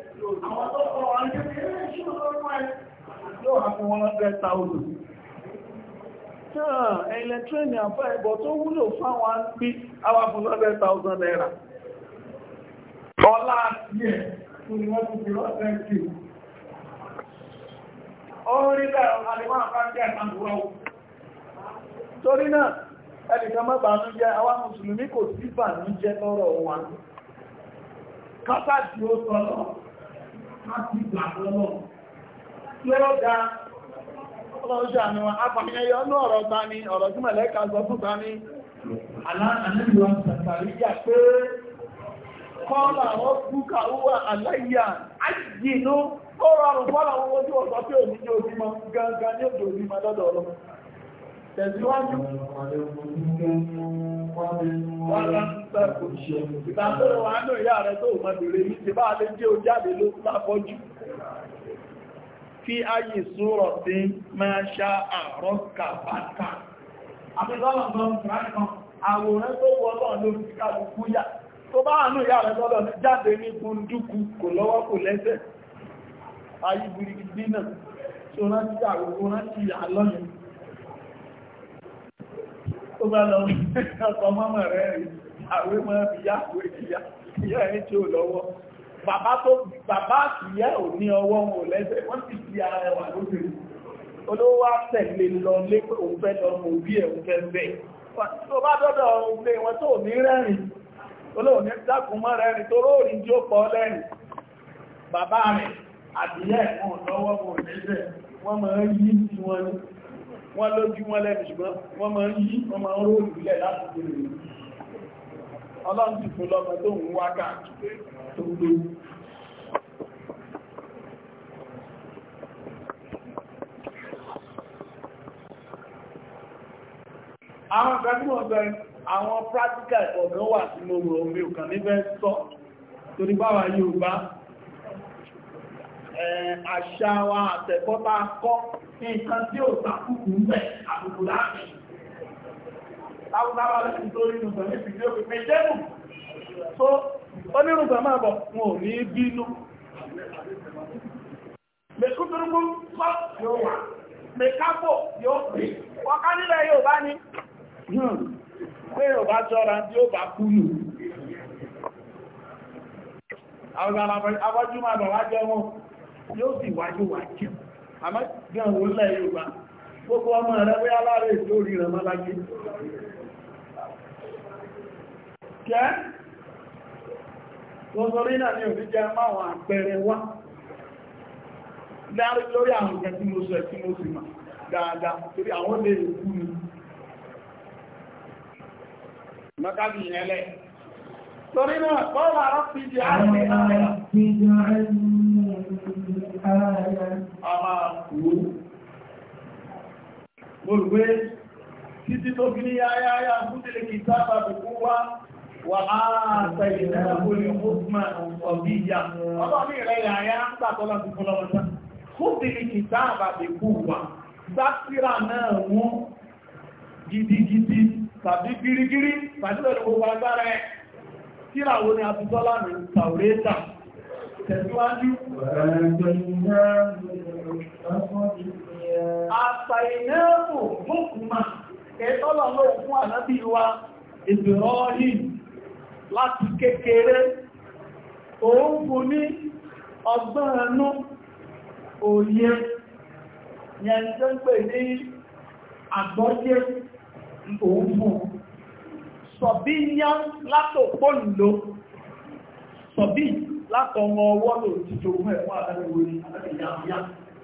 àwọn tó kọ wọn kékeré ṣúgbọ́n lọ́pọ̀ ẹ̀ yóò hàn wọn lọ́pẹ́ tàúlù náà ẹlẹ́tírẹ́nì àfá ẹ̀bọ̀ awa 500,000 fáwọn àgbí awàfún lọ́pẹ́ tàúsàn náírà ọlá O ẹ̀ fún torí náà ẹnìkan má bànújẹ́ àwa mùsùlùmí kò sí bànújẹ́ lọ́rọ̀ wa kátàdì ó o káàkiri àlọ́lọ́ tí ó dá ọlọ́ọ̀ṣà ni wọn afàmìyànjọ ní ọ̀rọ̀ ta ni ọ̀rọ̀ tí mẹ̀lẹ́ka sọ fún ta pé kọ́lá aláyà gangan ní òjò lọ́dọ̀ fi ayé sọ́rọ̀ tí máa ṣá àrọ́ kàbátà. Àwòrán tó wọ́ lọ́n ló fi kàbùkú yà. Tó bá àánú ìyá rẹ̀ lọ́lọ́ jáde ní bundúkú kò lọ́wọ́ kò lẹ́sẹ̀. Ayé burúkú dínà, ṣọ́nà tó bá lọ ọkọ̀ mọ́mọ̀ rẹ̀ rí àwé mọ́ ìyá àwé ìyá ìyá ẹ̀ tí ó lọ́wọ́ bàbá tó bàbá ìyá ò ní ọwọ́ wọn ò lẹ́sẹ̀ wọ́n sì fi ara ẹwà lóde olówó wá tẹ̀lé lọ lé pé òun fẹ́ lọ mọ òbí ẹ̀ òun fẹ́ bẹ́ẹ̀ tó bá dọ́dọ̀ ilé wọn tó ní rẹ́rìn olóò ní wọ́n mọ̀ ń yí tí wọ́n ní wọ́n lójú wọ́n lẹ́nu ṣùgbọ́n wọ́n máa ń yí wọ́n máa ń ró ìrìnlẹ̀ láti gbèrè ọlọ́run ti fún lọ́mọ tó ń wá káàkiri tó ń lóyún àwọn ìgbàgbọ́ àwọn practical ọ̀gbẹ́ wà sínú omi òkàn níbẹ̀ sọ torí báwa Yorùbá Eh, àṣà wa àtẹ̀kọ́ta kọ́ nǹkan tí ó takùkù ń bẹ̀ àbùkù láàrin láwùláwà lẹ́sìn tó rí nùgbọ̀n ní ìpínlẹ̀ òpínpẹ́ jẹ́mù tó onírùgbọ̀n máa bọ̀ wọn ò ní bínú mẹ́kútúrúgbú kọ́ yóò wà mẹ́kápò yóò pè wọ́ká nílẹ̀ yóò bá ní hmm, pé yóò bá ṣọ́ra tí ó bá kú nù àwọn àbájúmọ̀ àbájọ́ wọn yóò sì wáyé wà jẹun àmọ́ gan Yorùbá gbogbo ọmọ rẹ̀ wé aláàrẹ ètò orí rẹ̀ mọ́láyé kẹ́ lọ́sọ̀rí náà ni òfin jẹ máwọn àpẹẹrẹ wá lórí àwọn ìkẹ́ tí mo sọ ẹ̀ tí mo sì mà dáadáa torí àwọn lè kú ni a máa wò mo rò pé títí tó fi ní yáyáyá mútẹ̀lẹ̀ kì sábà bùkú wá wà á tẹ̀lé náà kó lè hókùnmá ọ̀bí ìyá ọba mi rẹ̀ yáyá ń gbà tọ́lá ti fún lọ́wọ́ sá mútẹ̀lẹ̀ kì sábà bùkú wá gbásíra náà wọ́n gidigidi tàbí gírígírí tàbí lọ́dún gbogbo agbára ẹ̀ tíra wo ni àtúntọ́lá mi tàwérétà tẹ̀síwájú Àṣàìnáàbò mọ́kùnmá, ẹ̀tọ́lọ̀ ló fún ànábí wa Ibrahim láti kékeré, òun fún ní ọgbọ́n ẹnu òye, yẹn tó ń pè ní àgbọ́jẹ́ òun fún. Sọ̀bí yá látòpó ìlò, sọ̀bí látọmọ ọwọ́ lò títò mẹ́wàá ẹgbẹ̀rẹ̀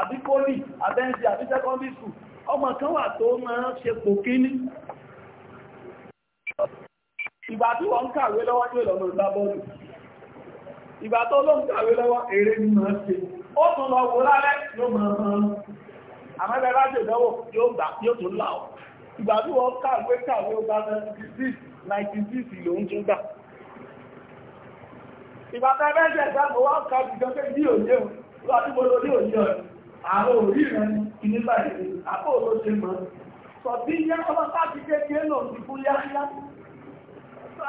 àbí poli àbẹ́ǹsì àbí secondary school ọmọ kan wà tó máa ṣe pò kíní ìgbà tí wọ́n ń kàwé lọ́wọ́ ní ìlọ́nà ìgbàbọ́ọ̀lù ìgbà tó ló ń kàwé lọ́wọ́ eré ní máa ṣe ó tún lọ wò lálẹ́ yóò máa máa àmẹ́bẹ̀ láti ìdánwò yóò gbà yóò tún là ọ́ ìgbà tí wọ́n kàwé kàwé ọgbà 96 ló ń tún gbà ìgbà tẹ́ẹ̀bẹ́ẹ̀ṣẹ̀ ìdáàbò wá kàwé ìjọ́ pé ní òye ò àwọn òríran ìnílà ìlú àpò olóṣe mọ́ sọ̀bí yá ọba tàbí kéèké lò ti fún yáyá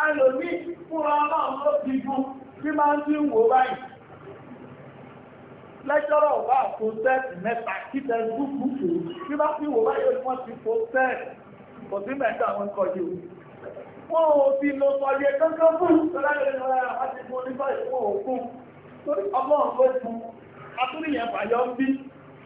ẹlòmí fúnra ọlọ́run ló ti fún bí máa ń dín wò báyìí lẹ́jọ́rọ̀ wà fún sẹ́ẹ̀tì mẹ́ta kí tẹ́sùkú fò bí bá fi wò báyìí wọ́n ti fò sẹ́ẹ̀tì kò sí mẹ́ta wọn kọjú wọ́n ò ti lọ sọ̀yẹ kankan fún ìṣẹ́lẹ̀ ìrọ̀lẹ́ àti fún onífà ìfún òkun torí ọlọ́run ló fún atúnìyàn fàyọ́ bí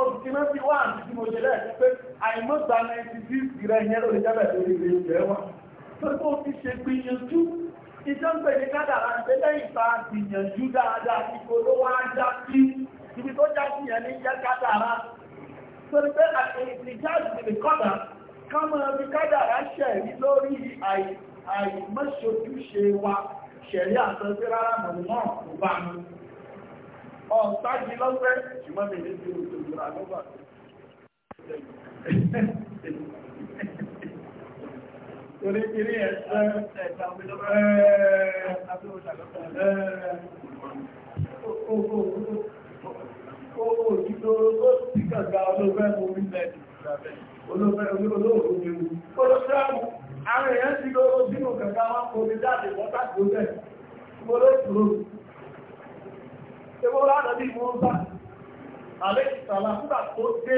òtítìmọ́ ti wá àti tí mo ṣe lẹ́ẹ̀kẹ́ pé àìmọ́gbà 96 rẹ̀ yẹn lórí jábẹ̀ lórí ilé ìfẹ́ wa tó tó fi ṣe gbìyànjú iṣẹ́ ń pèlè kádàrà ń tẹ́lẹ̀ ìta gbìyànjú dáadáa ipò ló wá já sí ibi tó já sí yẹn ní jẹ́ kádàrà torí pé wa ṣẹ̀rí àtọ́sí rárá mọ̀lúmọ́ ọ̀tájì lọ́sẹ̀ ṣùgbọ́n mi ní ti oṣù ìlú àlọ́bà torí kiri ẹ̀ṣẹ́ owó òjúdó tó ti kàgbà olóòfẹ́ orílẹ̀ olóòfẹ́ olóòfẹ́ olóòfẹ́ àwọn èèyàn ti lóró sínú kàgbà wọn kò ní jáde wọ́n tàbí ó bẹ̀ Ewúrọ́ àdàbí Mọ́sá, àlẹ́ ìsàlá fúgbà tó dé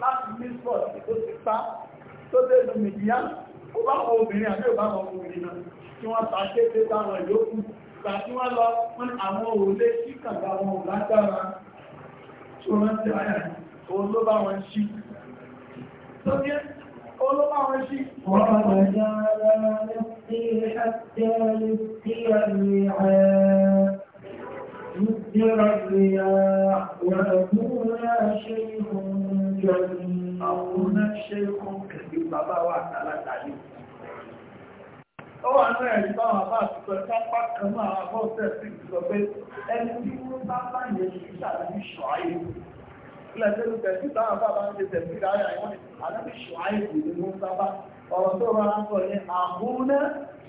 láti Mísọ̀ tó ti pa tó dé lu Mìdíyá, ó bá wọn obìnrin àbí òbá wọn obìnrin náà, kí wọ́n ta kéde táwọn ìyókù, gbà tí wọ́n lọ fún àwọn òlé sí kàgbà wọn ò lágbára. Tó rántí ayà ni, òun ló bá wọn ṣí. Tó ní olómà wọn sí. Wọ́n jẹ́ ara lẹ́sí àti ẹ̀lẹ́sí àmì ààrẹ. وتسجر الرياح وأكون شيخ جليل أكون شيخ كبير بابا وعلى تعليم Ó wà náà ẹ̀rí báwọn àbá àtúkọ̀ sápá kan náà àbọ̀ tẹ̀sí sọ pé ẹni tí wọ́n bá bá yẹn ṣe ṣàlàyé ṣọ̀áyé. Ilẹ̀ tẹ́lú tẹ̀sí táwọn àbá bá ń ṣe tẹ̀sí ráyà ìwọ̀n àlẹ́bí ṣọ̀áyé kò ní wọ́n sábà. Ọ̀rọ̀ tó rọra ń sọ yẹn àbúrú náà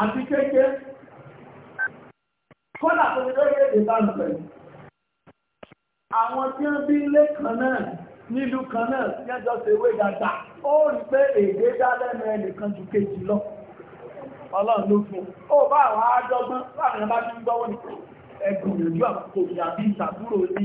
àti kéèké kọ́lá tó ní lórí èdè bá ń pẹ̀lú àwọn tí ó bí ilé kan náà nílùú kan náà yẹ́jọ́ ṣe wé dáadáa ó rí pé èdè dá lẹ́nu ẹnìkan ju kejì lọ ọlọ́run ló fún ó bá àwọn àádọ́gbọ́n láàrin bá ti ń gbọ́wọ́ nìkan ẹgbùn ìrìnjú àkókò ìyàbí ìsàbúrò ní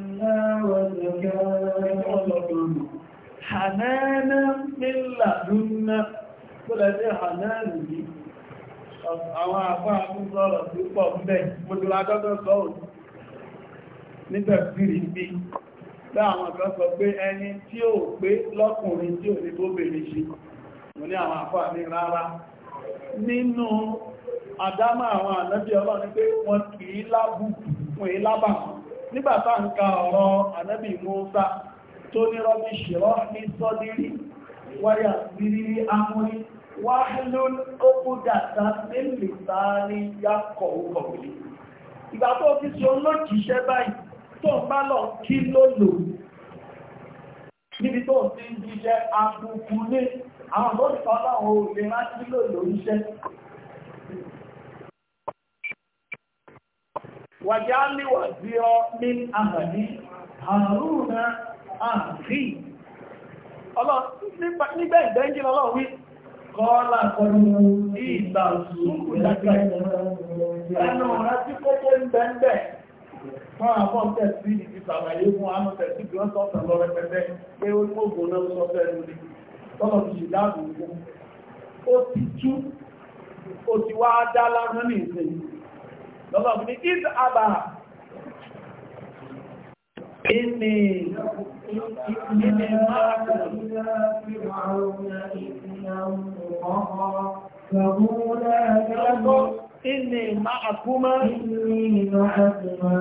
Hànáná mílà lúnná, tó lẹ́dẹ́ hànáàlù yìí, àwọn àfá àmú sọ́rọ̀ tí pọ̀ mẹ́, mo jùlọ adọ́dọ́ sọ́rọ̀ nígbà fìrì bí, bá àwọn kan sọ pé ẹni tí ó pé lọ́kùnrin tí ò ní tó bèèrè ṣe, mo ní àwọn nígbàtá ń ka ọ̀rọ̀ ànábì Mùsá tó ní rọ́bí ṣìrọ́ ní sọ́dírí wáyà sírírí amúrí wá ló kókó dàtà nílùú sáárí yákọ̀ òkọ̀wé ìgbà tó ti ṣe olójìṣẹ́ báyìí tó ń bá lọ kí ló lò níbi wàjálì wà bí ọ ní àhàní àrùnà àhì nígbẹ̀ ìgbẹ́jì lọ́lọ́ wí kọ́ọ́lá kọlu ìgbà ṣúkù ẹnu rẹ̀ tí ń bẹ́ẹ̀ fún àwọn tẹ̀sí fún àwọn tẹ̀sí pé ó ní ògùn náà sọ́tẹ̀ lórí tọ́lọ̀ lọ́lọ́bù ní ìd àbáhà ìní ìní máàkùn Inni ma'akuma inni ma'akuma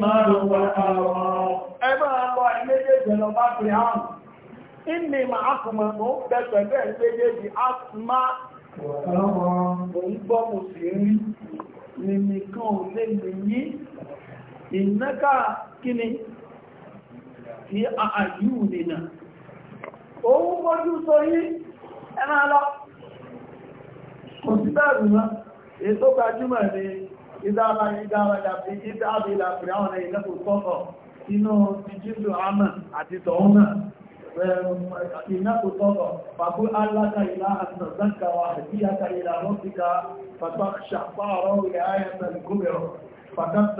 ma'arwa awa. Ẹ máa lọ ẹ̀mẹ́jẹ̀jẹ̀ lọ bá fi hàn. Inni ma'akuma mú bẹ̀ẹ̀bẹ̀ẹ̀ méjèèjì asma. Wọ̀n gbọ́ sí rí. nìmìkan ò lè nìyí ìnáka kíni kí àyú nìna òun mọ́jú sọ yí ẹ̀nà lọ kò sí bẹ́ẹ̀rù náà ètò gbajúmọ̀ ní ìdára ìdára ìdàbí ìdábìlà pẹ̀lú àwọn ilẹ̀ sọ́kọ̀ إنك تطغى فقل ألك إلها تزكى وأهديك إلى ربك فتخشى فأروا الآية الكبرى فكذب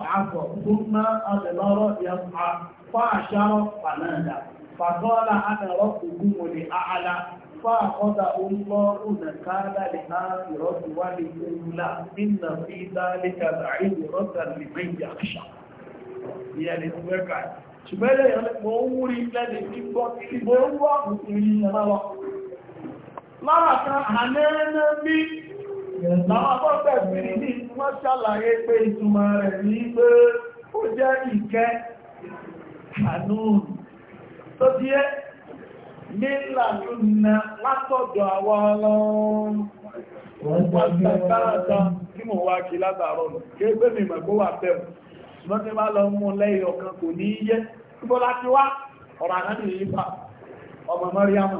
وعصى ثم أدبر يسعى فأشار فنادى فقال أنا ربكم الأعلى فأخذه الله نكال لآخرة ولأولى إن في ذلك لعبرة لمن يخشى. يعني هو ṣùgbọ́n ilé ìyọ́n mọ̀ ń wúrí lẹ́dẹ̀ gbígbọ́ tí ń wọ́ ìrìn ìrànlọ́wọ́ lára kan àmẹ́rẹ́nà bí láwọn wọ́n ṣàlàyé pé ìtumọ̀ rẹ̀ ní pé ó jẹ́ wá kí látàárọ̀ lọ kí ṣùgbọ́n tí bá lọ mú lẹ́yìn ọ̀kan kò ní yé púpọ̀ láti wá ọ̀rọ̀ àdáni ìyípa ọmọ mọ́ríyàmù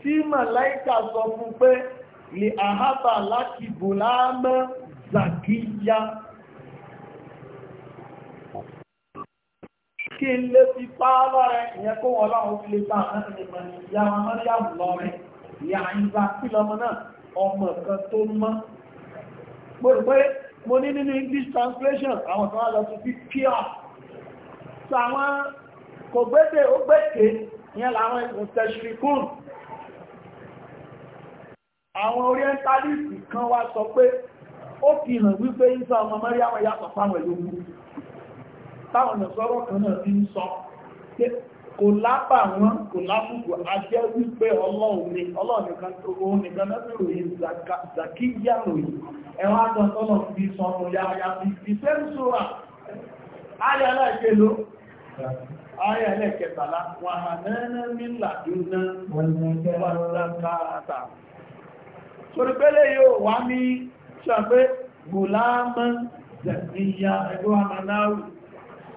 tí màláìkà sọ fún pé lè àhábà láti bò láàmọ́ zàkíyá kí n lè fi pààlọ́ rẹ̀ ìyẹn kó wọ́n láwọn fi lè bá àdáni ìyàwó mọ́ríyàmù lọ rẹ̀ mo ní nínú English translation àwọn kan wá lọ sí pure so àwọn kò gbédè ó gbèké ìyẹn làwọn ìtẹ̀ṣirikún àwọn orientalist kan wá sọ pé ó fi hàn wípé ìsọ ọmọ mẹ́rí àwọn yàtọ̀ fáwọn ìlú táwọn ìsọ́rọ̀ kan náà ti ń sọ kò lábà wọn kò lápùpù ajẹ́ wípé ọlọ́ọ̀ni ọlọ́ọ̀nìkan tó ohun nìkan lọ́pẹ̀rò yìí zakiya ròyìn ẹ̀wọ́n àtọ́tọ́lọ̀ fi sọ̀rọ̀ yára fi fi sẹ́mṣọ́ra ayà aláìṣẹ́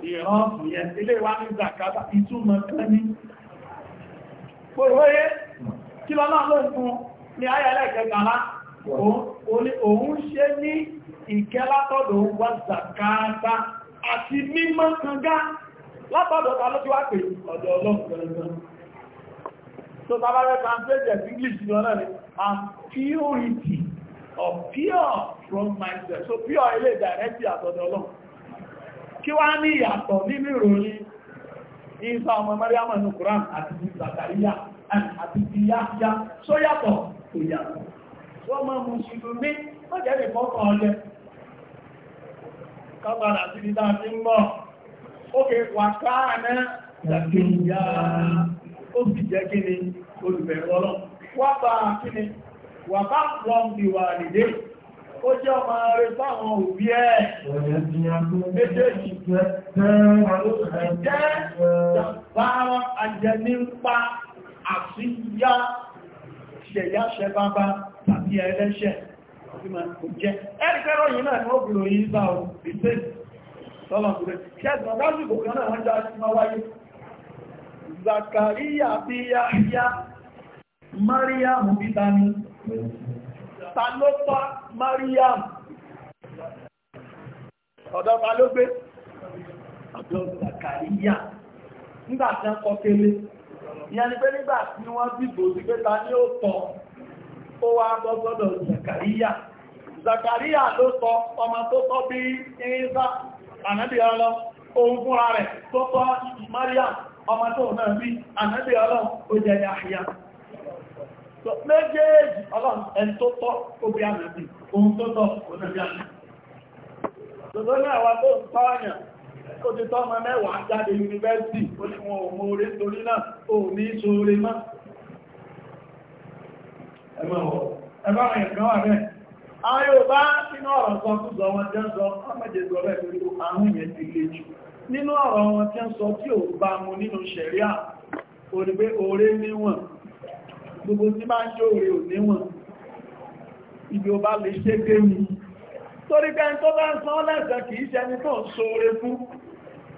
ìrọ́pù yẹn ilé wa ní zakata ìtumọ̀ kan ní pòròyé kí lọ náà ló fún ní ayẹ́lẹ́ ìkẹgbàlá òun ṣe ní ìkẹ́ látọ̀dọ̀ wa zakata àti mímọ́ kanga látọ̀dọ̀ ta ló ti wá pè ọ̀dọ̀ ọlọ́pùpẹ̀lẹ́gbẹ̀rẹ̀ So, Tabarek translated English to purity of pure from myself. So, pure ilé directly àtọ̀dọ̀ ọlọ́pùpẹ̀lẹ́gbẹ̀rẹ̀ kí wá ní ìyàtọ̀ nínú ìròyìn ìsá ọmọ mẹ́ríàmà ní Kùrán àti ti Zakaria àti ti Yahya só yàtọ̀ kò yàtọ̀ wọ́n mọ́ mùsùlùmí wọ́n jẹ́ lè fọ́kàn ọlẹ́ kọ́bàrà sí ní dáadé ń bọ̀ ókè wàkáàná Zakaria ó sì ó jẹ́ ọmọ rẹ̀ fáwọn òbí ẹ̀ méjèèjì jẹ́ jàmbára àjẹni ń pa àṣíyá ṣẹ̀yá ṣẹ bàbá tàbí ẹlẹ́ṣẹ̀ ẹ̀rìkẹ́rọ̀ yìí náà ni ó bùrò yìí bá ò ìsẹ́ tọ́lọ̀kùnrin ṣẹ́gbọ̀n lásìkò kan náà wọ́n já sí máa wáyé Zakariya bí yá yá Mariam bí tani ta ló pa Mariam ọ̀dọ̀ ta ló gbé ọ̀dọ̀ Zakariya nígbà tí wọ́n kọ́ kélé ìyẹn ni pé nígbà tí wọ́n dìbò sí pé ta ni ó tọ́ ó wá gbọ́gbọ́dọ̀ Zakariya Zakariya ló tọ́ ọmọ tó tọ́ bí irinṣà ànábì ọlọ ohun fúnra rẹ̀ tó tọ́ Mariam ọmọ so méjèèjì ọlọ́run ẹni tó tọ́ obi àmì ohun tó tọ́ oníbi àmì tòtò ní àwọn tó ń pààyàn ó ti tọ́ ọmọ mẹ́wàá jáde yunifásitì ó ní wọn ò mọ orí torí náà ò ní ṣoore mọ́ ẹgbẹ́ àwọn ẹ̀kan wà bẹ́ẹ̀ àwọn Yorùbá nínú ọ̀rọ̀ sọ kú sọ wọn jẹ́ sọ ọmọdé sọ bẹ́ẹ̀ torí àwọn èèyàn ti lè jù nínú ọ̀rọ̀ wọn tí ń sọ tí ò bá mu nínú ṣẹ̀ríà òrìgbé oore níwọ̀n gbogbo tí máa ń jó rẹ̀ ò níwọ̀n ibi ò bá lè ṣe dé ní torí pé tó bá ń san lẹ́sẹ̀ kìí ṣe ẹni tó ń so oore fún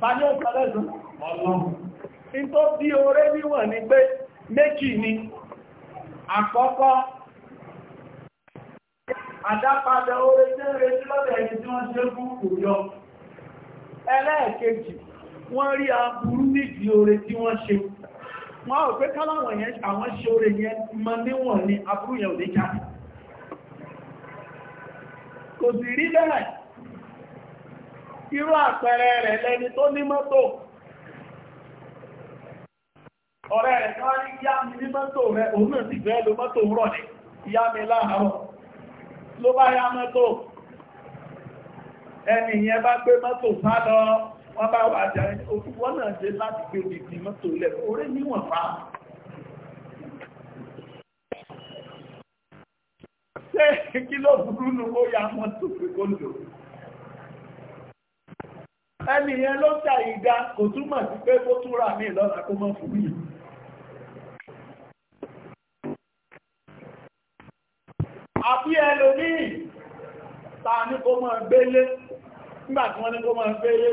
ta ní ọ̀sán lẹ́sẹ̀ in tó bí oore níwọ̀n ni pé méjì ni àkọ́kọ́ àdápadà oore tí ń retí lọ́dẹ̀ ẹni tí wọ́n ṣe fún kò yọ ẹlẹ́ẹ̀kejì wọ́n rí aburú nídìí oore tí wọ́n ṣe fún wọ́n ò pé káláwọn yẹn a ṣóre yẹn ma níwọ̀n ni aburú yẹn ò ní jáde kò sì rí bẹ́ẹ̀ irú àpẹẹrẹ rẹ̀ lẹni tó ní mọ́tò ọ̀rẹ́ rẹ̀ kan rí yá mi ní mọ́tò rẹ̀ òun náà sì fẹ́ lo mọ́tò ní yá mi láàárọ̀ ló bá yá mọ́tò ẹni yẹn bá gbé mọ́tò sá wọ́n bá wà jẹ́ òfúwọ́ náà jẹ́ láti gbé òdìdì mọ́tò lẹ̀ orí níwọ̀n fa. ṣé kí ló burú nu ó ya mọ́tò pé kó lò. ẹni yẹn ló ta ìdá kò túmọ̀ sí pé kó túra mí lọ́la kó mọ́ fún mi. àbí ẹlòmíì ta ni kó mọ̀ gbélé nígbà tí wọ́n ní kó mọ̀ gbélé.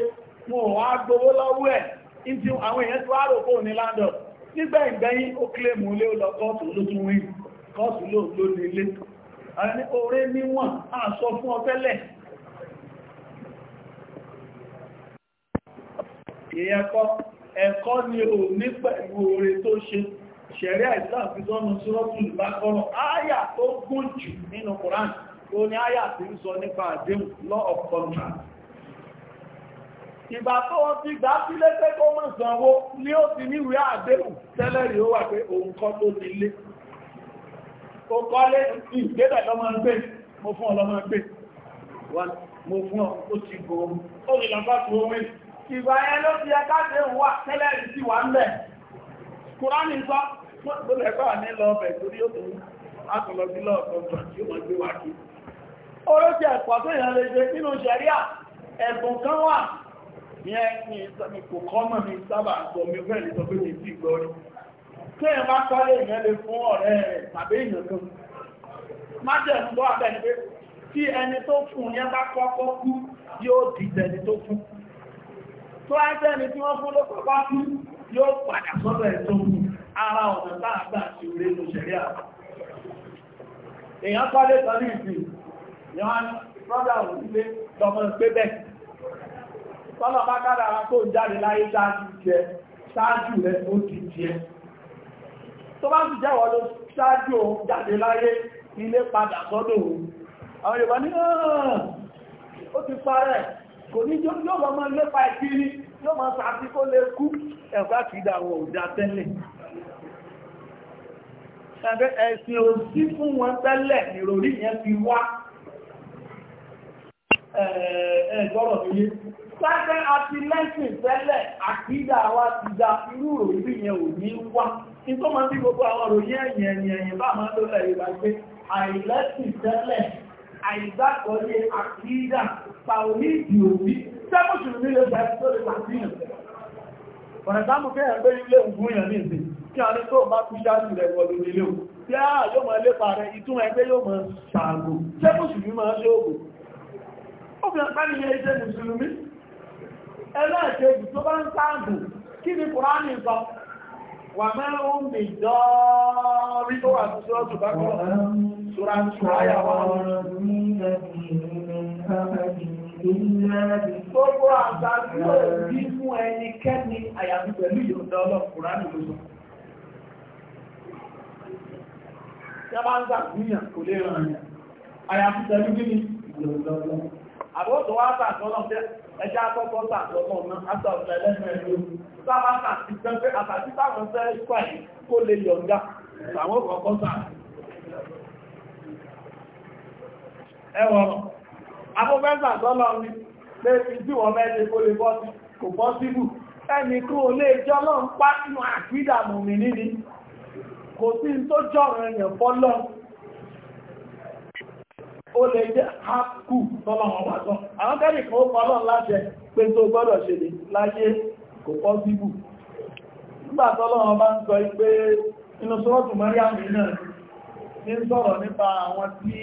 mo ò wá gbowó lọ́wọ́ ẹ̀ ìtí àwọn èèyàn tí wá rò o ní landlord nígbà ìgbẹ̀yìn ó mú lọ kọ́ọ̀tù ló wí kọ́ọ̀tù oré níwọ̀n sọ fún ọ tẹ́lẹ̀ ìyẹ́kọ́ ẹ̀kọ́ ni ò ní pẹ̀lú oré tó ṣe ṣẹ̀rí àìsàn fi sọ́nu ìgbà tó wọ́n ti gbà sílé pé kó mọ̀ sanwó ní ó ti níwèé àdéhùn tẹ́lẹ̀ rí ó wà pé òun kọ́ tó ti lé ó kọ́lé ìgbébẹ̀ lọ́mọ gbé mo fún ọlọ́mọ gbé mo fún ọ ó ti gòó ó rí lọ́pá tó wé ìgbà yẹn ló ti ẹ̀ká dé wà tẹ́lẹ̀ rí sí wà ń bẹ̀ kúránì sọ tó lẹ́kọ́ ní lọ bẹ̀ torí ó tún akọlọ́bí lọ́ọ̀kọ́ tí ó mọ̀ gbé wá kí ó ló ẹ̀bùn kan wà ní ẹ̀kùn ìsọ́mi kò kọ́mọ̀ mi sábà sọ mi fẹ́ lè sọ pé mi sí gbọ́ rí tí èèyàn bá kọ́lé èèyàn lè fún ọ̀rẹ́ rẹ̀ tàbí èèyàn kan má jẹ́ ń gbọ́ abẹ́ni pé tí ẹni tó fún yẹn bá kọ́kọ́ kú yóò di tẹni tó fún tó á jẹ́ni tí wọ́n fún ló kọ́kọ́ kú yóò padà sọ́dọ̀ ẹ̀ tó kù ara ọ̀nà táà gbà sí orí ìṣẹ̀rí àwọn èèyàn kọ́lé kan ní ìsìn yọ́n brọ́dà òun lé tọ́lọ̀ bá kára àwọn tó ń jáde láyé ṣáájú jẹ ṣáájú rẹ̀ ó ti jẹ tó bá sì jẹ́wọ́ ló ṣáájú òun jáde láyé ilé padà sọ́dọ̀ òun àwọn Yorùbá ní ó ti parẹ́ kò ní yóò bọ́ mọ́ lépa ìkiri yóò mọ́ sàtí kó lè kú ẹ̀fà kìdà wọn ò já tẹ́lẹ̀ ẹgbẹ́ ẹ̀sìn ò sí fún wọn tẹ́lẹ̀ ìròrí yẹn sáfẹ́ àti lẹ́sìn tẹ́lẹ̀ àkídà wa ti da irú òbí yẹn ò ní wá ní tó máa bí gbogbo àwọn òròyìn ẹ̀yìn ẹ̀yìn ẹ̀yìn bá máa ló lẹ̀ ìgbà pé àìlẹ́sìn tẹ́lẹ̀ àìgbàkọ̀ọ́yẹ àkídà pa onídìí òbí sẹ́mùsùn nílé ìgbà tó lè pàtíyàn ọ̀rẹ̀dámù kí ẹ̀rẹ́ ilé ògùn èèyàn ní ìsìn kí a ní tó bá kú ṣáàtì rẹ̀ wọ̀lú nílé o tí a yóò mọ̀ lépa rẹ̀ ẹlẹ́ẹ̀kejì tó bá ń sáàbù kí ni kùránì sọ wà mẹ́rún mi dọ́ọ̀rí tó wà sí ṣọ́ọ̀tù bá kọ́ Gbogbo àgbà tí ó rí fún ẹnikẹ́ni àyàfi pẹ̀lú ìyọ̀dọ́ ọlọ́pùránì ló sọ. Tí a bá ń gbà níyàn kò lè ràn yàn, àyàfi pẹ̀lú gíní ìyọ̀dọ́ ọlọ́pùránì àbọ̀tọ̀ wá tàṣọ́lọ́ ẹjá àkọ́kọ́ tàṣọ́lọ́ náà àtàṣọ́ ẹlẹ́fẹ́ ìlú sábà tàṣí pẹ́pẹ́ àtàṣí táwọn fẹ́ ṣùpà yìí kó lè yọ̀ǹda àwọn kọ̀ọ̀kọ́ tàṣí. ẹwọ̀n abọ́fẹ́ tàṣọ́lọ́ ni pé ìdí wọn mẹ́rin kó lè bọ́ sí kò bọ́ síbù ẹni kú o lè jọ lọ́n pátínú àkídàmù mi níbi kò sí tó jọ̀rọ̀ ẹ̀yàn fọ́lọ́n ó lè jẹ́ hapkú tọ́lọ́wọ́ wà tán àwọn kẹ́rì kan ó pọ́lọ́ láṣẹ pé tó gbọ́dọ̀ ṣe lè láyé kò pọ́ síbù nígbà tọ́lọ́wọ́ bá ń sọ pé inú sọ́ọ̀tù mọ́ríàmì náà ní sọ̀rọ̀ tí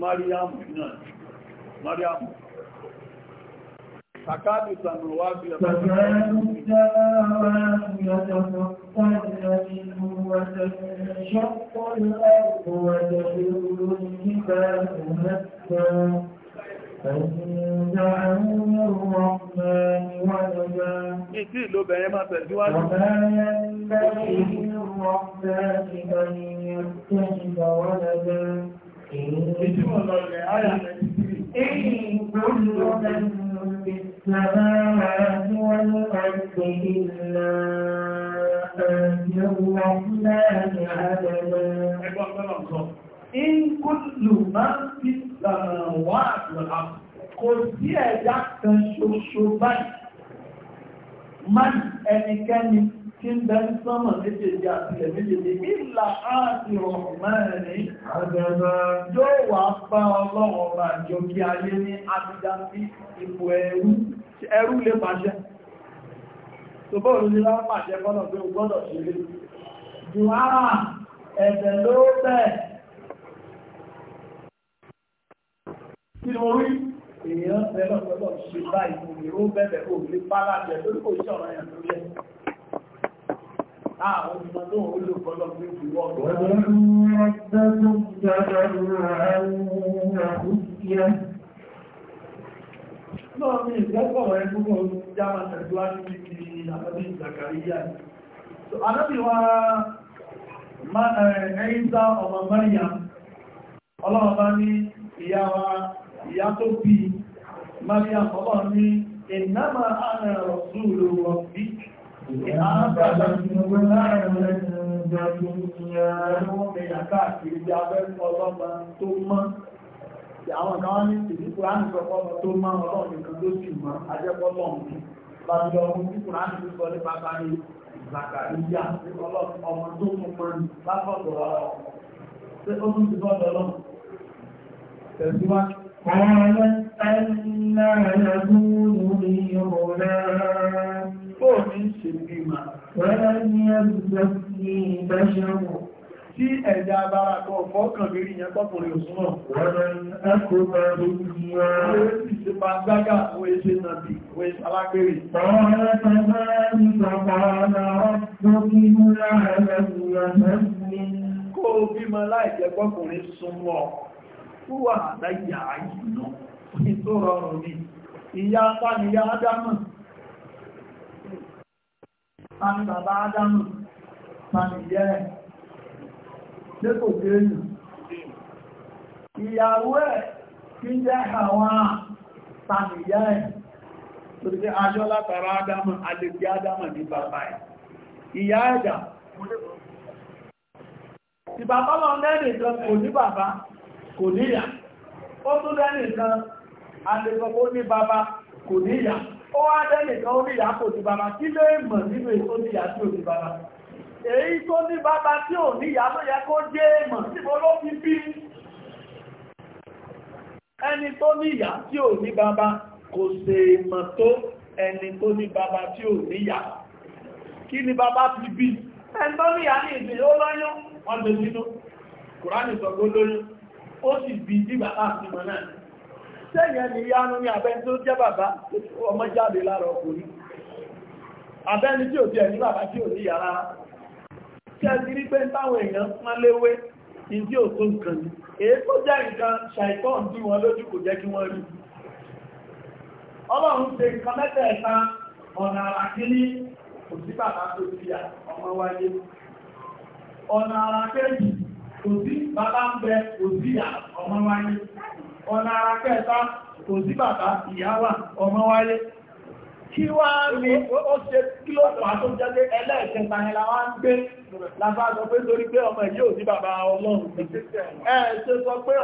mariam náà mariam Àkáàdì ìtànà wá bí ọ̀pọ̀ Ìtí ìlú bẹ̀rẹ̀ máa tẹ̀síwájú. Ọ̀bẹ̀ ẹgbẹ́ ìlú ọ̀pẹ́ ìgbẹ̀yìn ẹ̀kẹ́ ìgbà wọ́n lẹ́gbẹ̀ẹ́. Ìjúmọ̀ lọ lẹ̀ áyà السماوات والأرض إلا أن الرحمن عبدا إن كل من في السماوات والأرض kò sí ẹ̀dá kan ṣoṣo báyìí. Máa ẹnikẹ́ni tí ń bẹ́ sánmà méjèèjì àti ilẹ̀ méjèèjì ìlà áàtì ọ̀mọ́rin àgbẹ̀rẹ̀ yóò wà bá ọlọ́run ọba àjọ kí ayé ní àbídá sí ipò ẹrú ẹrú lè pàṣẹ tó bọ́ òrùn lára pàṣẹ gbọ́dọ̀ pé o gbọ́dọ̀ ṣeré jù ara ẹ̀bẹ̀ ló bẹ̀ kí ni orí èèyàn bẹ̀rẹ̀ gbọ́dọ̀ ṣe báyìí ó bẹ̀rẹ̀ òun lè pálá jẹ lórí kò ṣọ̀rọ̀ yẹn lórí ẹ̀ àwọn ọmọ tó ń lò fọ́lọ́ pé kí wọ́n lọ. Náà mi ìgbẹ́kọ̀ rẹ̀ gbogbo já máa tẹ̀síwájú ní àbábí Zakaria. Anábìwá Ẹ̀yíṣà ọmọ Mẹ́rìyà, ọlọ́run bá ní ìyá wa, ìyá tó bí Mẹ́rìyà, ọlọ́run ní ìnámà ààrẹ rọ̀ Àwọn kan ní ìdíkù láti sọpọ̀ tó máa ọlọ́run nìkan tó sì mọ́ ajẹ́pọ̀lọ́ mú. Bàbílọ ọmọ ìdíkù láti sọ nípa kárí ìgbàkàríyà ọmọ tó mú mọ́ lábọ̀dọ̀ ọ̀rọ̀. Ṣé ó mú ti bọ́dọ̀ ọlọ́run? Tẹ̀síwájú. Àwọn ọmọ bó ní ṣe bímọ. Wẹ́rẹ́ ní ẹgbẹ́ ní ìbẹ́ṣẹ́wò. Tí ẹ̀dà abára kọ fọ́kàn lórí ìyẹn pọ́kùnrin òsúnà. Wẹ́rẹ́ ẹkùn mẹ́rin ní ọ̀rọ̀. Wẹ́rẹ́ sì ṣe máa gbágà wọ́n ṣe nàbì, wọ́n ṣe alágbèrè. Ọ̀rẹ́ tẹ́lẹ̀ ní bàbá náà lókí mú láàrẹ̀ ní Kó bímọ láìjẹ́ pọ́kùnrin súnmọ́. Wúwà láyà àyìnà, ìtò rọrùn ni. Ìyá bá ni ìyá Ádámù tani bàbá ádámù tani ìyẹ́ ẹ̀ lépò gẹ́ẹ̀nù ìyàwó ẹ̀ tí jẹ́ àwọn tani ìyẹ́ ẹ̀ torí pé ajọ́ látara ádámù alèbí ádámù ní bàbá ẹ̀ ìyá ẹ̀dà ìbàbá lọ lẹ́nì kan kò ní bàbá kò níyà ó tún lẹ́nì kan alèkọ̀ọ́ ní bàbá kò níyà ó wá dẹ́nì kan ó ní ìyá kò ní bàbá kí ló mọ̀ nínú èso ní ìyá tí ò ní bàbá èyí tó ní bàbá tí ò ní ìyá tó yẹ kó jẹ́ mọ̀ síbo ló fi bí ẹni tó ní ìyá tí ò ní bàbá kò ṣe mọ̀ tó ẹni tó ní bàbá tí ò ní ìyá kí ni bàbá ti bí ẹni tó ní ìyá ní ìsìn ó lọ́yún wọ́n ti sínú kùránì sọ̀gbọ́n lóyún ó sì bí dìgbà láti mọ̀ náà sẹ́yẹn ni yánú ní abẹ́ni tó jẹ́ bàbá ọmọ jáde lára ọkùnrin abẹ́ni tí ò jẹ́ ní bàbá tí ò ní yàrá kẹ́sí rí pé táwọn èèyàn pán léwé ní tí ò tó nǹkan ní èyí tó jẹ́ nǹkan ṣàìkọ́ ń bí lójú kò jẹ́ kí wọ́n rí ọmọ ọ̀nà ara kẹta kò sí bàbá ìyáwà ọmọ wáyé kí wá ní ó ṣe kí ló tọ̀wà tó jẹ́ ẹlẹ́ẹ̀kẹta ni la wá ń gbé lábájọ pé torí pé ọmọ yìí ò ní bàbá ọlọ́run ẹ̀ ṣe sọ pé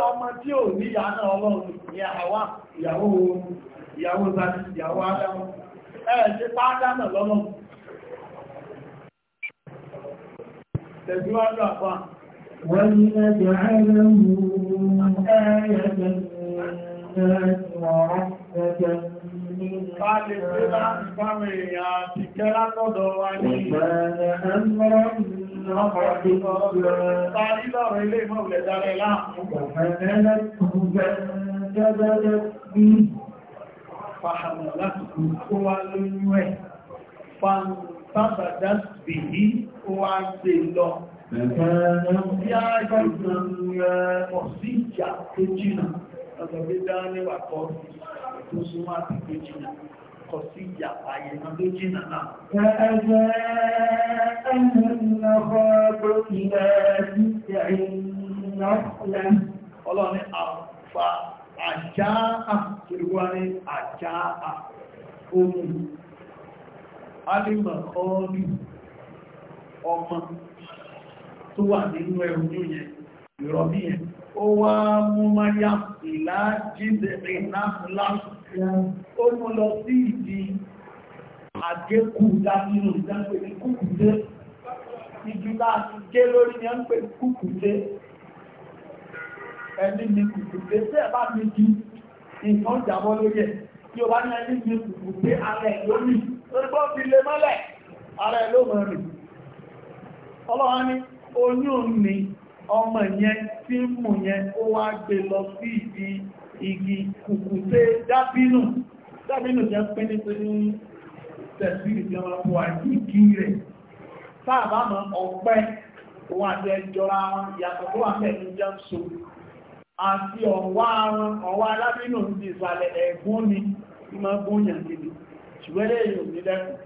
الناس ورحمة وكان أمرا فحملته فانتبذت به فحملته هو الوه فانتبذت به هو عبد الله فكان يا جزم يا مصيجة كجنة ọ̀sẹ̀ gbé dání wà kọ́ tó súnmọ́ àti gbé jìnà kọ̀ sí ìyà àyè náà alìmọ̀ ọmọ tó wà nínú ẹ̀rùn yóò yẹn. ìrọ̀bí ẹ̀ ó wá mú máyá ìlà jíndẹ̀ ìnáfìlá ó mú lọ sí ìdí àgékù dánínú ìdánpẹ̀ ní kúkùté ìjú láti gé lórí ní ọ́npẹ̀ kúkùté ẹni ni kúkùté tí ẹ bá mi jí nǹkan jàbọ́ lórí ẹ̀ tí ó bá ní ẹni ni kúkùté ara ẹ̀ lórí ó fi lè mọ́lẹ̀ ara ẹ̀ ló mọ̀ rìn ọlọ́wọ́ ní oyún ni ọmọ yẹn tí ń mú yẹn ó wá gbé lọ sí ìdí igi kùkùté dábínù dábínù jẹ́ pín ní pín ní tẹ̀sí ìjọmọ̀pọ̀ àjíkí rẹ̀ sáàbá mọ́ ọ̀pẹ́ òun àti ẹjọ́ra wọn ìyàtọ̀ tó wà pẹ̀lú jẹ́ so àti ọ̀wá wọn ti ìsàlẹ̀ ẹ̀gún ni tí máa gúnyàn gidi ṣùgbẹ́lẹ̀ èèyàn nílẹ̀kùn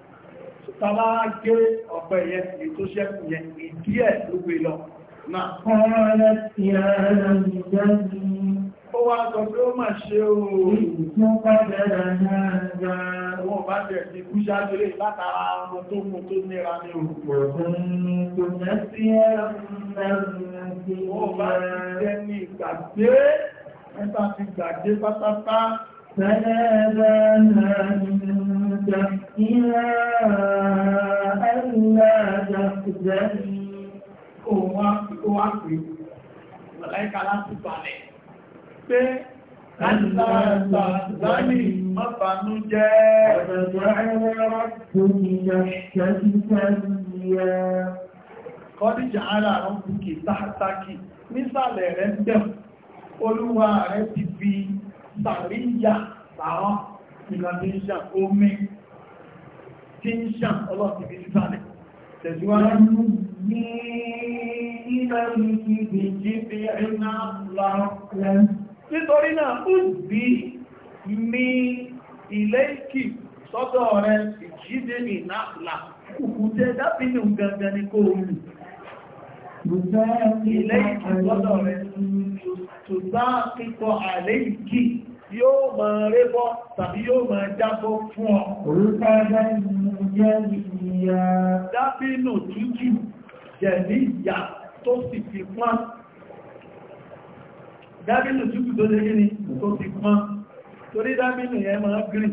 tàbá gé ọ̀pẹ́ yẹn ètò ṣẹ́kù yẹn ìdí ẹ̀ ló lọ قالت يا ليتني Ó wá sọ pé ó máa ṣe ooo. Ìjọ́ pàdàrà náà gbà. Wọ́n bá jẹ̀ sí kú ṣáájú lè látara ọmọ tó mú tó nira ní orúkọ. Ọ̀gbọ̀n kò ná sí ẹ̀rọ náà ti wọ́n bá jẹ́ ní ìgbàgbé. Ẹta ti gbàgbé pátápátá. Fẹ́lẹ́lẹ́ náà ní ìjà ìlà ẹ̀lá ìjà ìjẹ́ ní kó wọ́n fi kó wá pè mọ̀láíkà láti balẹ̀ pé láti sára ẹ̀sà lọ́nì mọ́bànú jẹ́ kọ́díjà ara àwọn bukì tààtàkì nísàlẹ̀ rẹ̀ tẹ̀ olúwa rẹ̀ ti fi sàríyà sáwọn ìlànà ìṣàn tí ń ṣàn ọlọ́tí fi sísàlẹ̀ تجواني إليك بجبع عضلة nítorí náà ó bí mi ìlẹ́ìkì sọ́dọ̀ rẹ̀ ìjíde ní náà kùkùté dábìnì gangan ní kó rú ìlẹ́ìkì sọ́dọ̀ rẹ̀ tó bá kíkọ àlẹ́ìkì yóò máa rébọ́ tàbí yóò máa jábọ́ fún ọ orúkọ jẹ́lìyà dábínù tútù jẹ̀lìyà tó sì fi pọ́n dábínù tútù tó lé gíní tó fi pọ́n torí dábínù yẹn máa gírí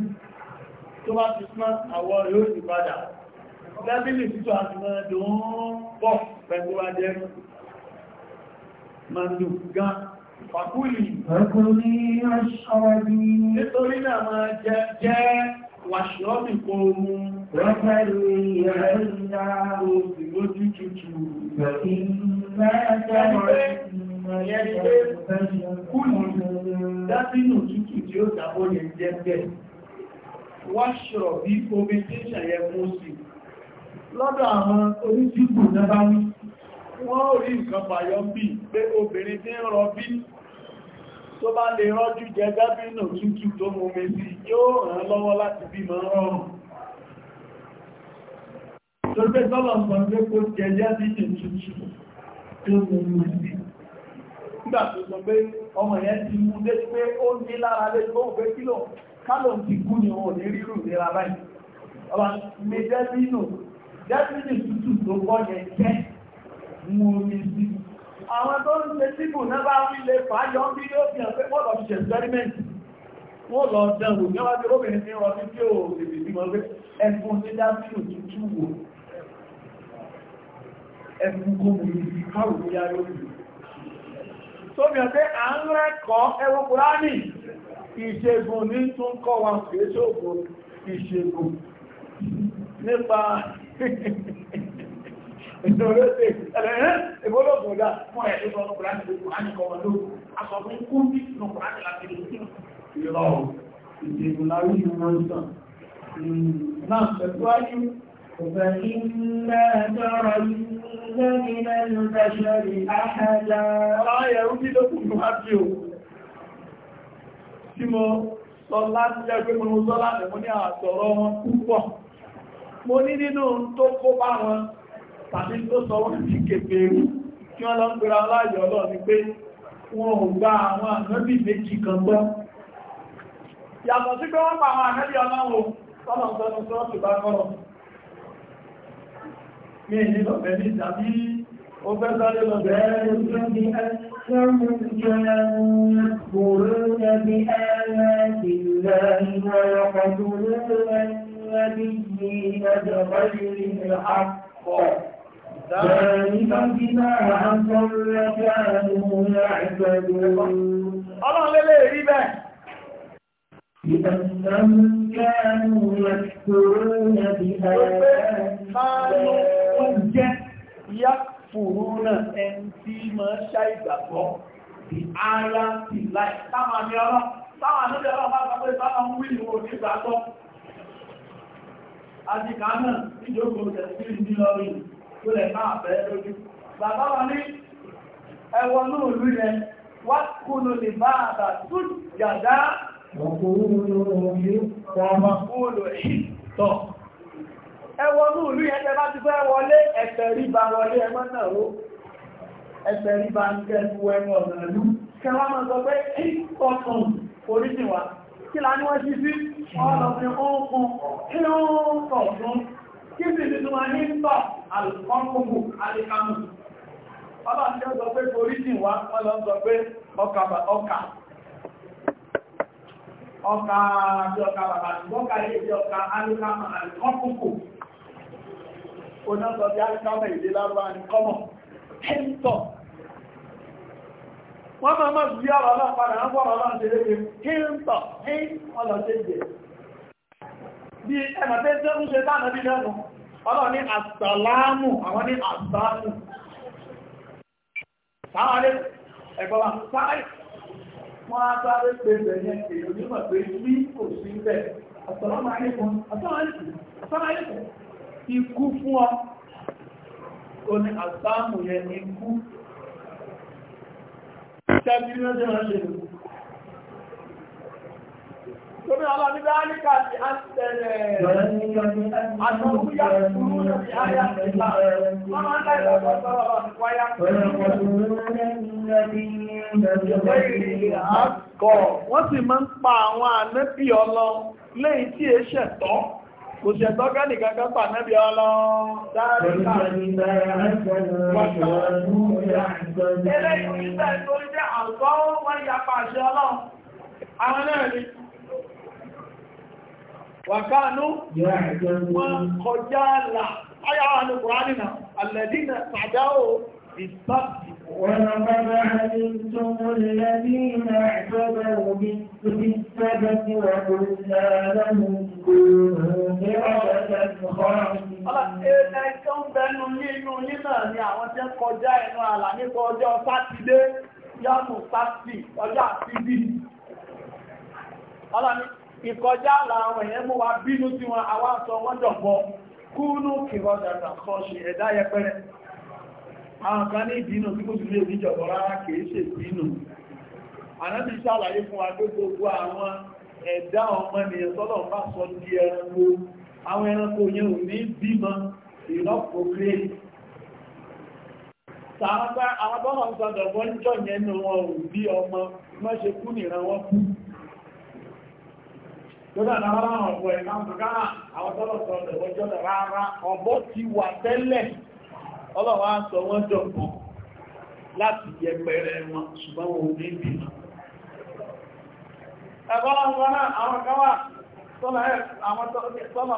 tó bá ti pọ́n àwọ̀ yóò sì padà dábínù tútù àti máa dùn pọ̀ pẹ̀lú adẹ́rù mandu gan fàkúlì fàkúlì aṣọ́rọ̀bí nítorí náà máa jẹ́ wàṣọ́bì kò mú rọ́pẹ̀lú ìrẹ́lá òsì lójú tutù Dábínù tútù tí ó tàbó lè jẹ́ bẹ́ẹ̀. Wáṣọ̀ bí omi tí ṣàyẹ fún sí. Lọ́dọ̀ àwọn oníṣìgbò náà bá wí, wọ́n rí nǹkan fàyọ bí pé obìnrin tí ń rọ bí tó bá lè rọ́jú jẹ dábínù tútù tó mú mi sí yóò ràn lọ́wọ́ láti bímọ rọrùn tó gbé tọ́lọ̀ sọ pé kó jẹ dábínù tútù tó mú mi sí nígbà tó sọ pé ọmọ yẹn ti mú dé pé ó ní lára lé tó gbé kílò kálọ̀ ti kú ni wọn ò ní rírù nira báyìí ọba mi dábínù dábínù tútù tó àwọn tó ń ṣe síbù náà bá fi lè fàájọ ń bí yóò fi hàn pé wọ́n lọ fi ṣe experiment wọ́n lọ dẹ̀wò níwájú obìnrin tí wọ́n fi tí ó lèbè bí wọ́n pé ẹkùn tí dábìlù ti túwò ẹkùn gómù ní káwò ní ayó rẹ̀ tó mìíràn pé à ń rẹ́kọ́ ẹwọ́ kùránì ìṣègùn ìṣègùn nípa ìdọ̀lọ́sẹ̀ ẹ̀lẹ́rẹ́ ìbólógbòdá fún ẹ̀ẹ́dẹ́ sọ́nà kùránì lókùn á ní kọmọ lókùn asọ̀fún kú ní ìsinú kùránì láti lè sí ìrọ̀ ìdègùn lárí ìwọ̀n sàn hmm, náà tẹ̀síwájú فإما ترين من البشر أحدا لا يرضي لكم نحبه tí mo sọ láti jẹ́ pé mo sọ láti mo ní àtọ̀rọ̀ wọn púpọ̀ mo ní nínú tó kó bá wọn tàbí tó sọ wọ́n ti kéfè rí kí wọ́n lọ ń pèrà aláyọ̀ ọlọ́ ni pé wọn ò gba àwọn ànábì méjì kan gbọ́ yàtọ̀ sí pé wọ́n pa àwọn ànábì ọlọ́run tọ́lọ̀ sọ́nà sọ́ọ̀tù bá kọ́rọ̀ ní ìlú lọ́bẹ̀ ní ìdàbí ó fẹ́ sáré lọ́bẹ̀ ẹ̀rùn-ún Ọlọ́run lélẹ̀ rí bẹ́ẹ̀. Ìtàkùn kẹ́rù rẹ̀ kòrò rẹ̀ bí i ẹ̀rẹ́ ìyá fòrò náà ẹn tí mọ́ ṣá ìgbàgbọ́ di ara ti láì táwọn àmì ọlọ́ táwọn àmì ọlọ́ bá sọ pé báwọn ń wí ìwò nígbàgbọ́. Àjìká náà níjókòó tẹ̀sí ìdílọ́rin tó lẹ̀ máa bẹ́ lójú bàbá wọn ní ẹwọ náà lú yẹn wá kúnnù lè bá àbà tó jàdá Ẹwọ ní ìlú yẹn Kí la ní wọ́n ti sí? Wọ́n lọ fi kí ó kọ̀ fún kí sì ti tún ní tọ́ alùpọ̀nkùnkù alìkanù ọlọ́run tí ó sọ pé orí jìn wá wọ́n lọ sọ pé ọkà ọkà ọkà bí ọkà bàbá ṣùgbọ́kà ilé bí ọkà alìkanù alìkọ́nkùnkù onáṣọ bí alìkanù ìdí lárúbá ní kọ́mọ̀ kẹ́ntọ̀ wọ́n máa máa bí ẹmà tẹ́ ń ṣe sáàmà bí lẹ́nu ọlọ́ ní àsàlámù àwọn ní àsàlámù sáàrẹ́ ẹ̀gbọ́n sáàrẹ́ wọ́n á sáré pé bẹ̀rẹ̀ èyí onímọ̀ pé bí kò sí bẹ̀ àsàlámù àríkùn àsàlámù ikú fún ọ Tóbi ọlọ́ ní dáríkà ti á ti tẹ̀lẹ̀. Àtọ́kú yá kúrú lórí ayá ìlà. Wọ́n máa ń dá ìlọ́pọ̀ sọ́rọ̀ ọ̀nà wáyá kúrú. Wọ́n sì máa ń pa àwọn ànẹ́bí ọlọ́ lẹ́yìn tí è ṣẹ̀tọ́. Kò ṣẹ̀tọ́ gẹ́nì kankan pa ànẹ́bí ọlọ́ dáríkà. Eléyìí ń bẹ̀ tó jẹ́ àgọ́ wọ́n yapa àṣẹ ọlọ́. Àwọn náà ni wàkánú wọ́n kọjá àlà ayáwà ní kùránì náà alẹ́dínà tàdáwò ìsáàtì ولقد علمتم الذين اعتدوا بالسبت وقلنا لهم كونوا قردة خاسئين. ẹ̀ẹ́dẹ́gbẹ̀rún bẹnu nínú nínú ni àwọn tí ń kọjá ẹnu àlà nípa ọjọ́ sátidé yọ́nù sátidé ọjọ́ àtidí. ọlọ́ni ìkọjá àlà àwọn èèyàn mú wa bínú tí wọn àwọn àtọ wọn dọ̀bọ̀ kúrú kìrọ̀dàtà kọ́ṣì ẹ̀dá yẹpẹrẹ àwọn kan ní ìdínú tí kò sí lè ní jọ̀bọ̀ rárá kìí ṣe ìdínú ànábì fún wa pé gbogbo àwọn ẹ̀dá ọmọ ènìyàn tọ́lọ̀ bá sọ di ẹranko àwọn ẹranko yẹn ò ní bímọ àwọn bọ́ọ̀ sọ̀dọ̀ Jọ́dá lára ọ̀pọ̀ ẹ̀ká mọ̀kára àwọn tọ́lọ̀tọ̀ ọ̀dẹ̀wọ́ jọ́dá rárá ọ̀bọ ti wà tẹ́lẹ̀. Ọlọ́wọ́ á sọ wọ́n jọ pọ̀ láti yẹpẹrẹ wọn ṣùgbọ́n wọn ò ní bí. Ẹ̀bọ́n ọ̀sán náà àwọn kan wà tọ́lọ̀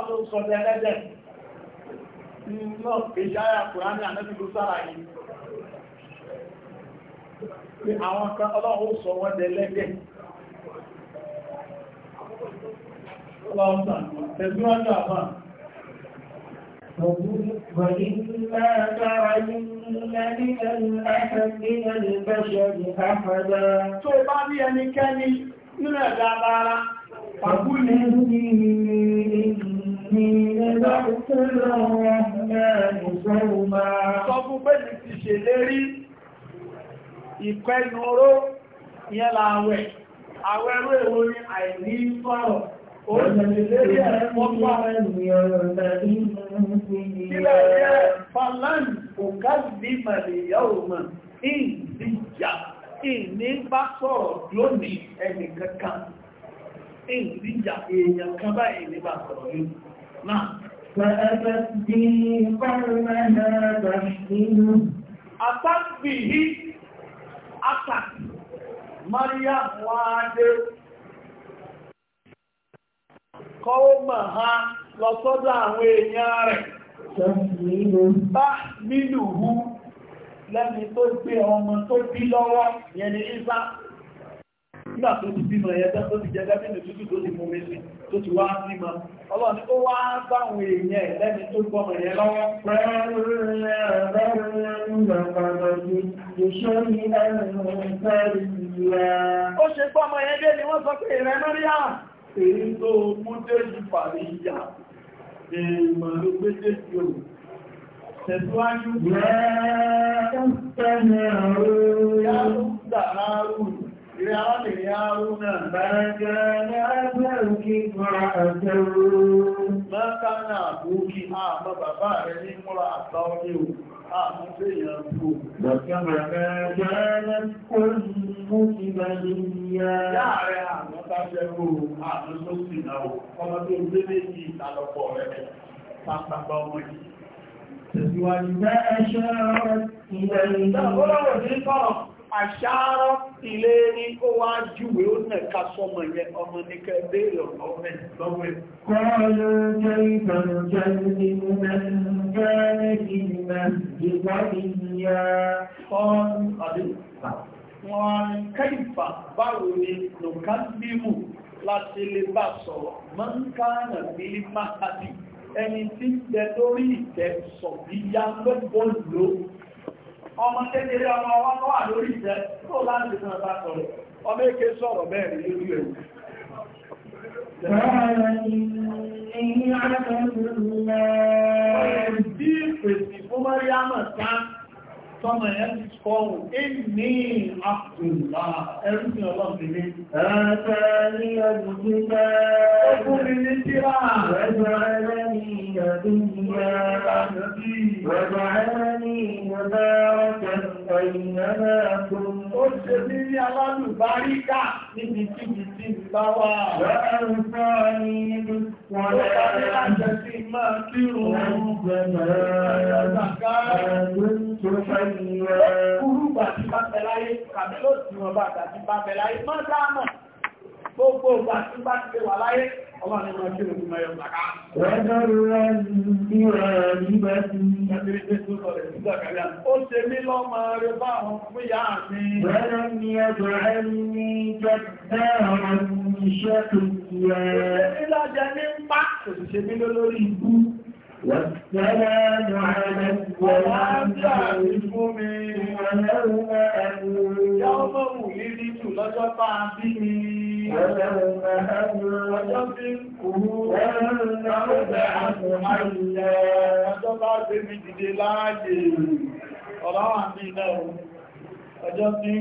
ló sọ tẹ́lẹ́dẹ̀. Náà kìí ṣáyà Kùránì Tẹ̀síwájú àbá. وإما ترين من الأحد من البشر أحدا تبعني أنكني من الأبارة فقل إني نذرت الرحمن صوما Sọ́bù bẹ́ẹ̀ ti ṣèlérí ìpẹ́nu oró yẹ́lá àwẹ̀. Àwẹ̀ rú èwo ni àìní sọ̀rọ̀. Ìní bá sọ̀rọ̀ lónìí ẹnìkan kan, ìrìjà èèyàn kan báyìí ní bá sọ̀rọ̀ lónìí. Náà, fẹ́ẹ̀fẹ́ bí pẹ́rẹ́ ẹ̀rẹ́ ìlú. Àtàbí yí, àtàbí, Maria wáadé kọ́ ó ha lọ sọ́dọ̀ àwọn èèyàn bá nínú hú lẹ́ni tó gbé ọmọ tó bí lọ́wọ́ yẹn ni ìsá nígbà tó ti tó ti jẹ́gẹ́ nínú tútù tó ti mú méjì tó ti wá bímọ ọlọ́ni ó wá báwọn èèyàn tó lọ́wọ́ èyí tó múdéjì pàrí ìyà èèmọ̀ ló méjèèjì ò tẹ̀síwájú rẹ̀ ìrẹ́ arábìnrin arúnà bẹ̀rẹ̀ Mọ́kànlá àbúkí àmọ́ bàbá rẹ̀ ní múra àtà orí o, àmọ́ tí èèyàn bú. Bọ̀kẹ́mọ̀ rẹ̀ jẹ́ kó mú kí bẹ̀rẹ̀ yá. Láàrẹ àmọ́ táṣẹ́ o, àmọ́ tó sì náà o, ọmọ tó gbé méjì ìtàlọ́pọ̀ rẹ̀ pápápá ọmọ yìí. Tẹ̀síwájú bẹ́ ẹṣẹ́ rẹ̀ ìgbẹ̀rẹ̀ ìdáwọ́rọ̀ ilé ní ó wá júwé ó nà ká sọmọ yẹ ọmọ ní kẹ béèrè ọ̀rọ̀ lọ́wọ́ ẹ̀. kọ́lù jẹ́ ìbànújẹ́ ní mẹ́rẹ́ ìgbà ìwádìí ìyá ọ̀rùn àdéhùn. wọ́n kẹ́yìnfà báwo ni lòkàndínmù láti lè bá sọ̀rọ̀ mọ́ńkánà bí máa ẹni tí ń bẹ lórí ìtẹ́ sọ̀bíyá lọ́gbọ́n lóò ọmọ kékeré ọmọ wọn tó wà lórí ìjẹ́ tó láti fún ọba sọ̀rọ̀ ọmọ èké sọ̀rọ̀ bẹ́ẹ̀ rí lórí ẹ̀wù Ẹ̀yìn tọ́mọ̀ ẹ̀ ti kọrùn ní àpùlá ẹrùsìn ọlọ́pìnrin ẹ̀ẹ́tẹ́rí ẹgbùgbùgbẹ́ ẹgbùnrin ní tíra ẹgbẹ̀ ẹlẹ́ni ẹgbùgbùgbẹ́ ẹgbẹ̀ ẹlẹ́ni ẹgbẹ̀ ọ̀tẹ̀ ìyẹnẹ́ ẹgbùn ó ṣe ní ní alálùbáríkà níbi tí kì sí bá Kúrúgbà ti bá fẹ́ láyé, kàbẹ́lò tí wọ́n bá tàbí bá fẹ́ láyé, mọ́ dáàmà. Gbogbo ìgbà tí bá ti wà láyé, ọlọ́run ni wọ́n kí òun mẹ́yọ̀ bàká. Rẹ́dọ̀rọ̀ ní ọ̀rọ̀ nígbà tí. Ó ṣe mí lọ́mọ rẹ̀ bá wọn fún ìyá mi. Rẹ́dọ̀ ni ẹgbẹ̀ rẹ̀ ní jẹ́ ọmọ iṣẹ́ tó yẹ. والسلام على السلام ويوم أموت يوم ولدت لجب عبده ويوم أموت وجب ويوم أرجع محلا وجب عبد جلاله ọlọ́wà ní ilẹ̀ ohun ọjọ́ tí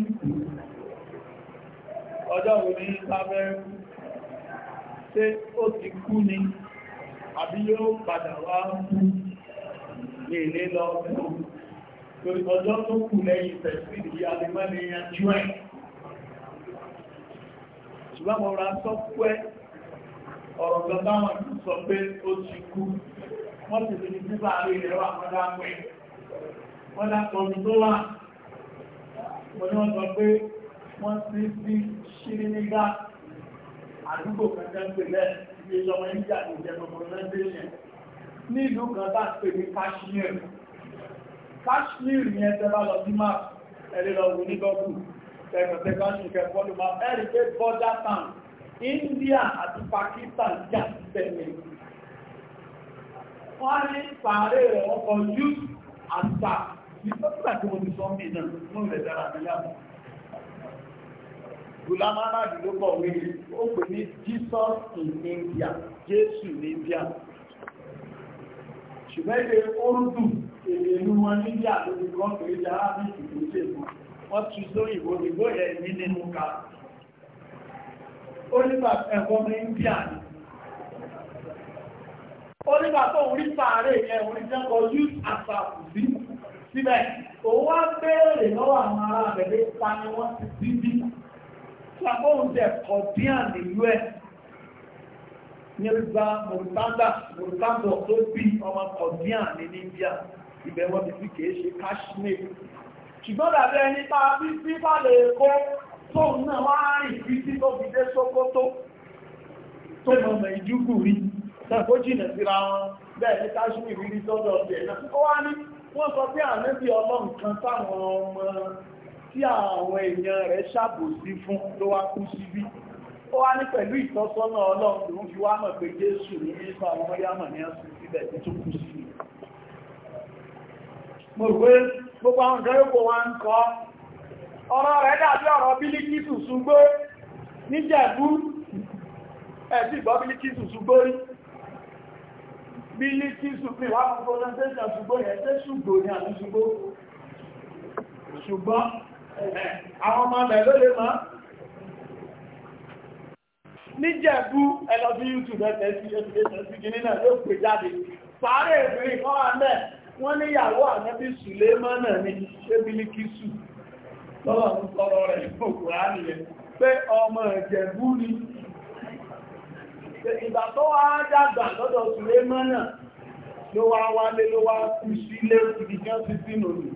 ọjọ́ òní ìsàbẹ̀rún ṣe ó ti kú ni àbí yóò padà wá kú lè lé lọ fún ọjọ́ tó kù lẹ́yìn tẹ̀sí ìdí alẹ́mọ́ni yanjú ẹ̀ ṣùgbọ́n mo ra sọ pé ọ̀rọ̀ gbọ́gbá wọn sọ pé ó ti kú wọ́n ti fi ní síbà rí ilẹ̀ wà wọ́n dápẹ́ wọ́n dápọ̀ mi tó wà mo ní wọ́n sọ pé wọ́n ti sí ṣírí nígbà àdúgbò kankan pẹ̀lẹ́ ìgbé lọ́mọ India ní ìjẹmọ̀mọ̀ lẹ́gbẹ̀ẹ́yẹn ní ìlú kan bá pè ní Kashmir Kashmir ní ẹgbẹ́ bá lọ sí map ẹ̀rẹ́ lọ wù ní gọ́gù tẹ̀kọ̀tẹ̀ Kashmir kẹfọ́lù map ẹ̀rí pé border town India àti Pakistan jà tẹ̀lé wọ́n ní pààrẹ rẹ̀ ọkọ̀ youth and staff ní sọ́kùnrin àti mo ti sọ́mì náà mú rẹ̀ dára Gulam Ahmad ló pọ̀ wí ó pè ní Jesus in India Jésù in India ṣùgbọ́n ilé orúdù èdè inú wọn ní India ló ti kọ́ pé ìjà ábíkì tó ṣe mọ́ wọ́n ti sóyìnbó ìbò yẹ ní nínú ká ó nígbà ẹ̀kọ́ ní India ni ó nígbà tó ń rí sàárè yẹn òun ìjẹ́kọ̀ọ́ youth asàkù sí síbẹ̀ òun wá béèrè lọ́wọ́ àwọn ará rẹ̀ pé ta ni wọ́n ti sí bí fàbóhùn dẹ̀ kọ̀díàn nílùú ẹ̀ nígbà mùrùtádà mùrùtádà tó bí ọmọ kọ̀díàn ní India ibẹ̀ wọ́n ti fi kìí ṣe Kashmir ṣùgbọ́n dàbẹ́ ẹni tá a bí sí bá lè kó tóun náà wá rìn bí sí tó fi dé Sókótó tó mọ̀ mẹ́júgù rí tàbí ó jìnà síra wọn bẹ́ẹ̀ ní Kashmir rí sọ́dọ̀ ọ̀dẹ̀ náà ó wá ní wọ́n sọ pé àmẹ́bí ọlọ́run kan táwọn ọmọ tí àwọn èèyàn rẹ̀ ṣàbòsí fún ló wá kú síbí ó wá ní pẹ̀lú ìtọ́sọ́nà ọlọ́run ló ń fi wá mọ̀ pé jésù ní ìfà ọmọ yámọ̀ ní ọ̀sìn síbẹ̀ tó kú sí mo rò pé gbogbo àwọn ìjọ yóò wá ń kọ́ ọ̀rọ̀ rẹ̀ dàbí ọ̀rọ̀ bílíkìsù ṣùgbó níjẹ̀bú ẹ̀sì ìgbọ́ bílíkìsù ṣùgbó rí bílíkìsù pé wá fún àwọn ọmọ ọmọ ló lè máa níjẹ̀bú ẹlọ́bí YouTube ẹ̀tẹ̀ sí ẹ̀tẹ̀ sí kìíní náà ló pè jáde sáré ìrìn kan wà mẹ́ wọ́n níyàwó ànábì Sùlẹ́mánà ní ṣébílíkísù lọ́wọ́ ń sọ̀rọ̀ rẹ̀ òkúra nìyẹn pé ọmọ ìjẹ̀bú ni ìgbà tó wá dàgbà lọ́dọ̀ Sùlẹ́mánà ló wá wálé ló wá kú sílé ìdíjọ́ sí sínú nìyẹn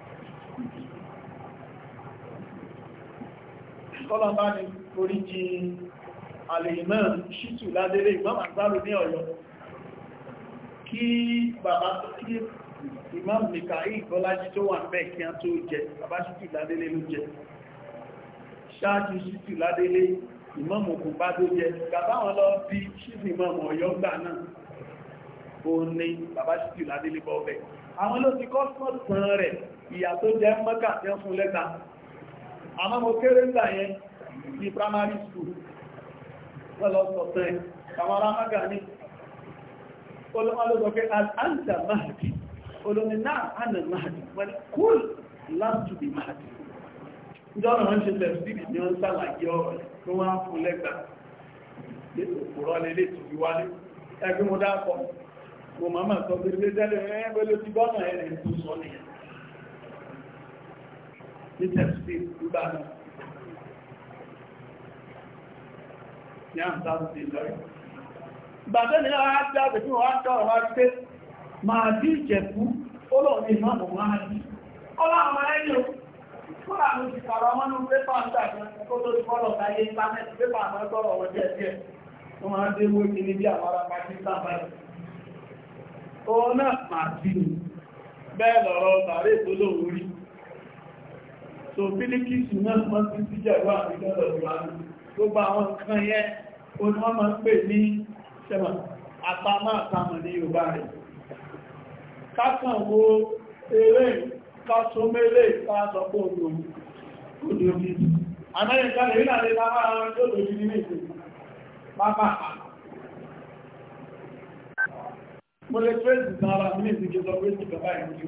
kọ́lọ̀bá ni orí jí alèmọ́ ṣítù ládélé ìmọ́mà gbárù ní ọ̀yọ́ kí bàbá tó kí imam nìkàí ìgbọ́lájí tó wà mẹ́ kí a tó jẹ bàbá ṣítù ládélé ló jẹ ṣáájú ṣítù ládélé imam òkun bá tó jẹ bàbá wọn lọ bí ṣítù imam ọ̀yọ́ gbà náà ó ní bàbá ṣítù àmọ́ mo kéré ńgbà yẹn ní primary school lọ́lọ́ sọ̀tẹ́ àwọn ará mága ní olóògbé al'adà mahadi olóògbé náà hànà mahadi wọ́n ni cool last to be mahadi ìjọ́nà wọ́n ṣe tẹ̀síbì ní wọ́n sàlàyé ọ̀rọ̀ tó wọ́n fún lẹ́gbà lẹ́tòkòrọ́ lẹ́lẹ́ tó fi wálé ẹgbẹ́ mo dákọ̀ mo máa sọ pé lẹ́jẹ́ lẹ́rẹ́ ẹgbẹ́ ló ti gbọ́nà ẹ̀rẹ́ tó sọ nìyàn ní tẹ̀sí nígbà náà bẹ́ẹ̀ lọ̀rọ̀ so bílíkìsù náà wọ́n ti sí jẹ́wà ìjọ́lọ̀ ìwàlú gbogbo àwọn nǹkan yẹn o ní wọ́n máa ń pè ní sẹ́mọ̀ àpamọ́ àpamọ́ ní Yorùbá rẹ̀ kákan wo eré kásómélé ìfásọpọ̀ òdòdó amẹ́ríkà lè nílà lè lábára wọn tó lòdì nínú ìpè pápá mo lè fẹ́ ara mi ní ìsìnkà sọ pé ìsìnkà báyìí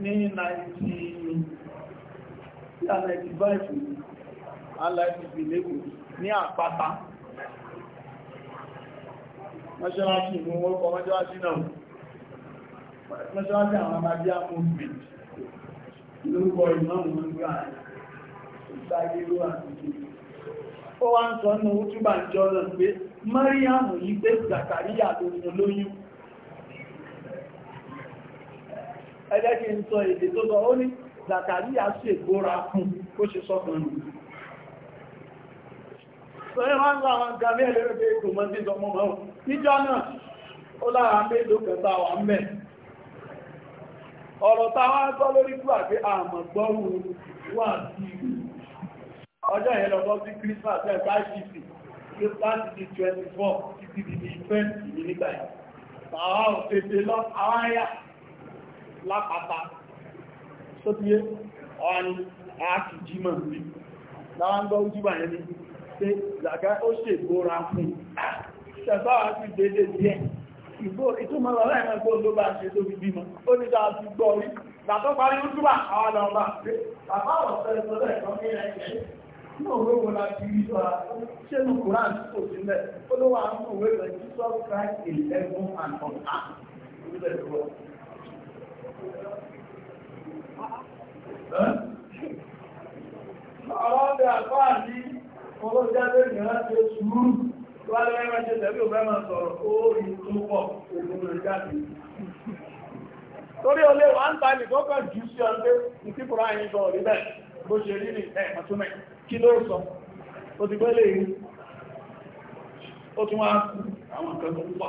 ní 1995 aláìsìsì lẹ́kù ní àpáta mọ́ṣáláṣí ìlú wọ́n kọ mọ́ṣáláṣí náà mọ́ṣáláṣí àwọn amájá movement lórúkọ ìmọ̀rún nígbà ìsáyéró àti ó wá ń sọ ní ojúbà ìjọ náà pé Mariam yí pé Zakaria lóyún ẹgbẹ́ kí n sọ èdè tó sọ ó ní Zakaria ṣe gbóra fún kó ṣe sọ́kùnrin sọ yẹ́ wọ́n gbà wọn gàmí ẹlẹ́rẹ́gbẹ́ ètò mọ́ sí ọmọ mọ́ níjọ́ náà ó lára mélòó kẹta wà mẹ́ ọ̀rọ̀ táwọn gbọ́ lórí fún àti àmọ̀ gbọ́rù wà sí ọjọ́ ìyẹn lọ́gbọ́ sí Christmas ẹ̀ 550 Christmas di 24 títí di 20 nígbà yìí àwọn òṣèṣe lọ àwọn ayá lápáta sótíyé ọ̀rin àti jímọ̀ rí láwọn gbọ́ ojúbà yẹn ni pé zàgá ó ṣe ìgbóra fún ṣẹ̀fà àti dédé díẹ̀ ìtumọ̀ lọ́rẹ́ ẹ̀mọ́ ìgbó ló bá ṣe tó fi bímọ ó ní dáa ti gbọ́ rí gbàtọ́ parí ojúbà àwọn ọlọ́ọ̀bà pé bàbá ọ̀sẹ̀ ìtọ́lẹ̀ ìtọ́lẹ̀ ìtọ́lẹ̀ náà ló wọ́n la ti rí sọ́ra ṣé ní Quran tó sílẹ̀ Àwọn ọdẹ àfáà ní owó jáde ìrìnlẹ́ ṣe sùúrù tó wá lẹ́rẹ́ ṣe tẹ̀bí òfẹ́ máa sọ̀rọ̀ oórí tó pọ̀ ogun rẹ̀ jáde. Torí olè wà ń ta ní kọ́kọ́ jù sí ọdẹ ní tí kùrá yìí sọ rí bẹ́ẹ̀ bó ṣe rí ní ẹ̀ àtúnmẹ̀ kí ló sọ. Ó ti gbẹ́lẹ̀ yìí. Ó tún wá àwọn kan tó pọ̀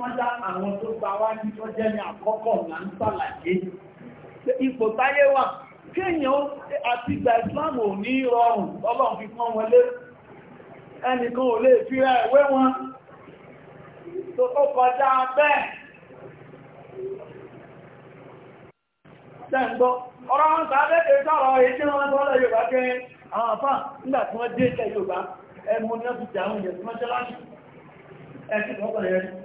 kọjá àwọn tó gba wá ní tó jẹ́ ní àkọ́kọ́ là ń sàlàyé ipò táyé wà kéèyàn àti ìgbà Islam ò ní rọrùn Ọlọ́run fi pọ́n wọn lé ẹnìkan ò lè fi ra ìwé wọn tó tó kọjá bẹ́ẹ̀ tẹ́ǹgbọ́ ọ̀rọ̀ wọn sàádẹ́kẹ́ sọ̀rọ̀ èyí tí wọ́n tọ́lọ Yorùbá kẹrin àwọn àfáà nígbà tí wọ́n dé ilẹ̀ Yorùbá ẹmú ní ọ́fíìsì àwọn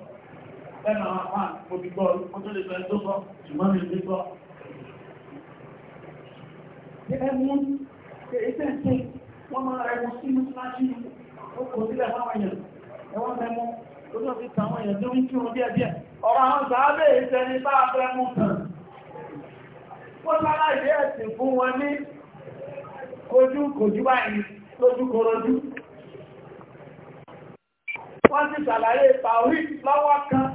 lẹ́nu àwọn àwọn òbígbọ́ ó tó lè fẹ́ tó sọ ṣùgbọ́n mi lè gbọ́. ẹmú ẹgbẹ́ ṣe wọ́n máa rẹ̀mú sínú láti ó kò sílẹ̀ fáwọn èèyàn ẹwọ́n rẹ̀mú ó tó fi tàwọn èèyàn tó ń kí wọn díẹ̀ díẹ̀ ọ̀rọ̀ àwọn sàábẹ̀ ìṣẹ́ni bá rẹ̀mú tàn wọ́n sára ìdí ẹ̀sìn fún wọn ní ojú kòjú báyìí lójú kòròjú wọ́n ti ṣàlàyé tàwí lọ́wọ́ kan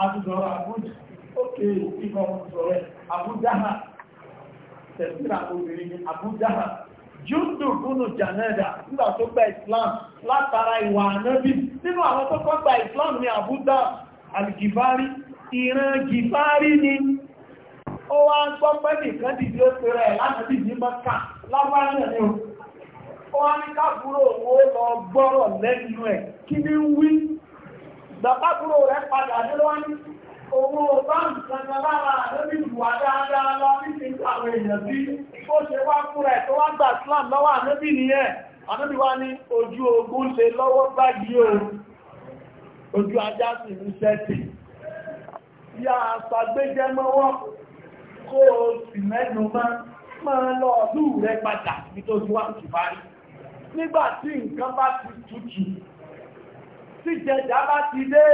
àtúnṣọ́rọ̀ àbújá ókè ìfíkọ́ sọ̀rọ̀ àbújá hà tẹ̀síra obìnrin ni àbújá hà jùndù gúnnù jànẹ́dà nígbà tó gba islam látara ìwà ànábì nínú àwọn tó islam ni àbújá alìgìfárí ìran ni ó wá ń gbọ́ pẹ́ nìkan dìde ó pèrè lánàbì ní mọ́ta lábáyẹ̀ ni ó wá ní gbàpábúrò rẹ̀ padà nílọ́ní owó báńkì kankan lára lórí ìwà dáadáa lọ ní ti ń àwọn èèyàn bí ó ṣe wá fún rẹ̀ tó wá gbà Islam lọ́wọ́ ànábì nìyẹn ànábì wá ní ojú ogun ṣe lọ́wọ́ báyìí o ojú ajá sì ń ṣẹ́tì yá àṣàgbéjẹ́ mọ́wọ́ kó o sì mẹ́nu mọ́ máa lọ ọdún rẹ̀ padà nítorí wá tùbárí nígbà tí nǹkan bá ti tutù tí jẹjà bá ti dé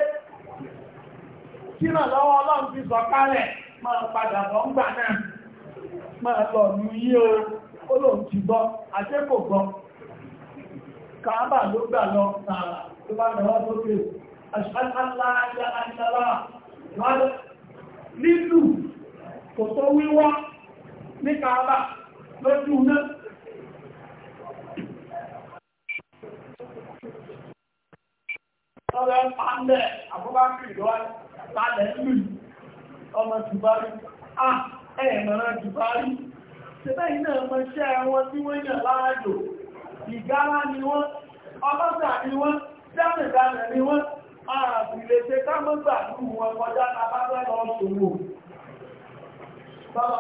kíràn lọ́wọ́ ọlọ́run ti sọ kálẹ̀ máa padà bọ̀ ń gbà náà máa lọ ní yí o ó lò ń ti gbọ́ àṣẹ kò gbọ́ ló gbà lọ tààrà tó bá lọ́wọ́ lókè kò tó wíwọ́ ní lójú ọ̀rọ̀ ẹ̀pàálẹ̀ àbúgbàkì ìlọ́wà lálẹ̀ lù ọmọ Dùbárì ah ẹ̀mọ̀ràn Dùbárì ṣẹ́bẹ̀ iná mọ̀ṣẹ́ wọn tí wọ́n yàn láàájò ìgárá ni wọ́n ọlọ́sà ni wọ́n jẹ́mẹ̀dánà ni wọ́n ààbìlẹ̀ ṣe kámọ́gbà lù wọn kọjá tàbátẹ́ lọ sòwò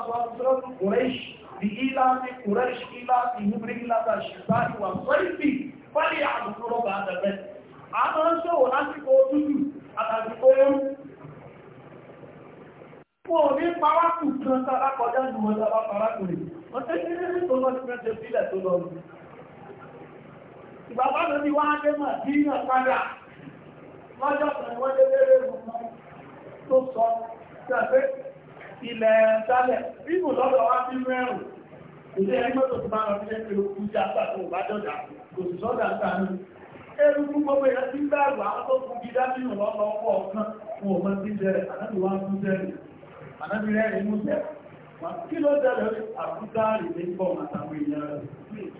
a máa ń ṣòwò lásìkò tútù àtàsìkò ẹrù wọn ò ní parákù kan tàbá kọjá ní wọn tàbá parákù rẹ̀ wọ́n tẹ́ kí ní tó lọ sí mẹ́jẹ sílẹ̀ tó lọ rú ìgbàgbà ló ní wọ́n á dé mọ̀ sí ìyàn padà lọ́jọ́ kan wọ́n dé lérè wọn tó sọ tẹ̀fẹ́ ilẹ̀ sálẹ̀ bíbù lọ́dọ̀ wá ẹrùkú gbogbo ìyá tí gbàgbà tó kú gidá nínú lọ́nà ọkọ̀ ọ̀kan wọn ò mọ́ sí jẹrẹ ànábì wá kú jẹrẹ ànábì rẹ̀ rí mú jẹ kí ló jẹrẹ àkúta rí ní pọ̀ àtàwọn èèyàn rẹ̀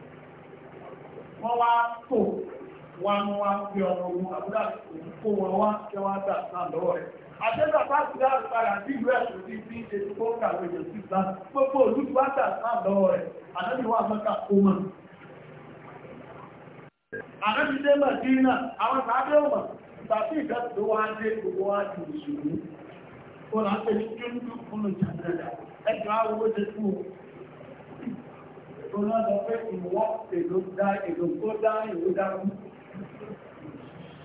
wọ́n wá tó wọn wá pé ọmọ ogun àbúrà kó wọn wá kí wọ́n dà náà lọ́wọ́ rẹ̀ àtẹ́gbà bá ti dáàbò padà sí ìlú ẹ̀sùn sí ti ṣe tó kó kàwé yẹn sí ìlú gbogbo olùdíwátà náà lọ́wọ́ rẹ̀ ànábì wá mọ́ta kó mọ́ àrẹ́bìdé mẹ́dínà àwọn tàbí ọmọ tàbí ìdẹ́kùn wá dé gbogbo wá jù ìṣòro ó là ń pè ní kíndú fún ìjàndẹ̀dà ẹjọ́ awó jẹ fún o tó náà lọ pé ìwọ́ èdò dá èdò tó dá èdò dá kú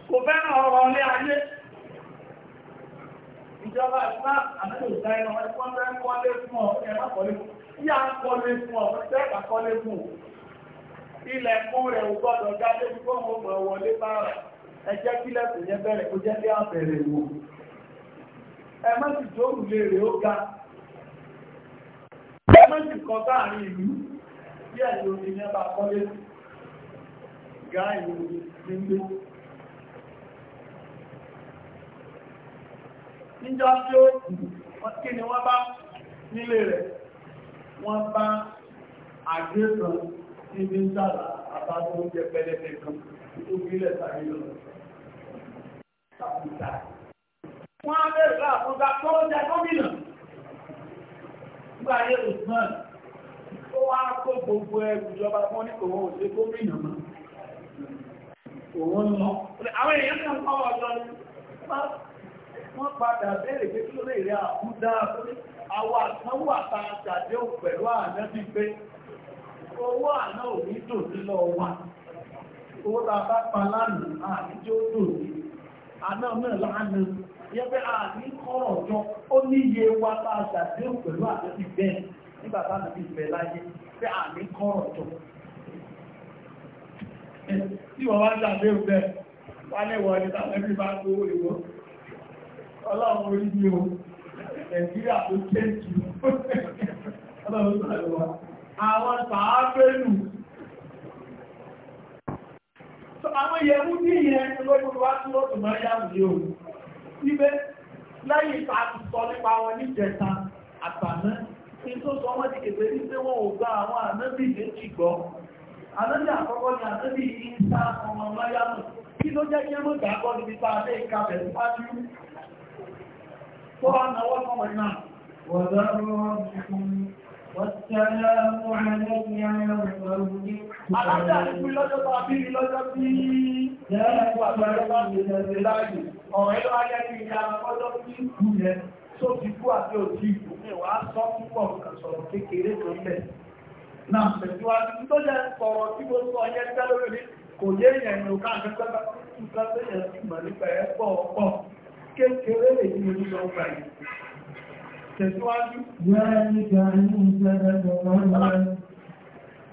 kò fẹ́ràn ọ̀rọ̀ ilé ayé ìjọba ìgbà àti òṣà ẹ̀rọ ẹ̀kọ́ ń kọ́lé fún ọ ẹ̀rọ kọ́lé fún ọ ilẹ̀kùn rẹ̀ ò gbọ́dọ̀ jáde bí fóòmù ọmọ wọlé bá rẹ̀ ẹ jẹ́ kílẹ̀kùn bẹ̀rẹ̀ kó jẹ́ bí àbẹ̀rẹ̀ wò ẹ tó òrùlé rẹ̀ ó ga ẹ kọ sáàrin ìlú bí ẹ̀yìn omi ní kọ́lé gáàyè omi nílé wọ́n bá àgbé kan ibi ń sára àbájọ oúnjẹ pẹlẹpẹ kan tó gbílẹ̀ sáré lọ. Sàkúta. Wọ́n á bẹ̀rẹ̀ bá àkúta tó ń jẹ gómìnà. Nígbà ayé Usman, ó wá kó gbogbo ẹrù ìjọba fún ní òun ò ṣe gómìnà mọ́. Òun lọ. Àwọn èèyàn ń kọ́ ọjọ́ ni. Wọ́n padà bẹ̀rẹ̀ pé kí ló lè rí àkúta àwọn àtàwọn àtàjẹ́ pẹ̀lú àná owó àná òní tò nílọ wà owó ta bá pa àti tí ó tò ní àná náà àní kọ́rọ̀ ó bá ṣàdéhùn pẹ̀lú àtẹ́sí bẹ́ẹ̀ nígbà tá ìfẹ́ láyé pé àní kọ́rọ̀ ọjọ́ tí wọ́n wá ṣàdéhùn bẹ́ẹ̀ wá lẹ́wọ̀ bá ọlọ́run orí ni o nàìjíríà tó ọlọ́run àwọn sàábẹ́lù àwọn yẹ̀mú ní ìyẹn lórí wá tí ó tó máa ní lẹ́yìn ìtàkì sọ nípa wọn ní jẹta àtàná tí tó sọ wọ́n ti kèfèé ní pé wọ́n ò gba àwọn ànábì méjì gbọ́ ànábì àkọ́kọ́ ni ọmọ kí ló jẹ́ kí ẹmọ́ adé ìkàbẹ̀ tó wá náwọ́ والسلام علي يوم الدين Tó ti kú àti òtí ìlú ní wà á sọ púpọ̀ kàṣọ̀rọ̀ kékeré tó lẹ̀. Náà pẹ̀lú àti tó jẹ́ sọ̀rọ̀ tí ó sọ ọyẹ́ tẹ́ lórí ní kò yé èèyàn ìrìn òkà àkẹ́kẹ́ tó kẹ́kẹ́ tẹ̀síwájú. Yáríkà ní ìṣẹ́lẹ̀ lọ́wọ́.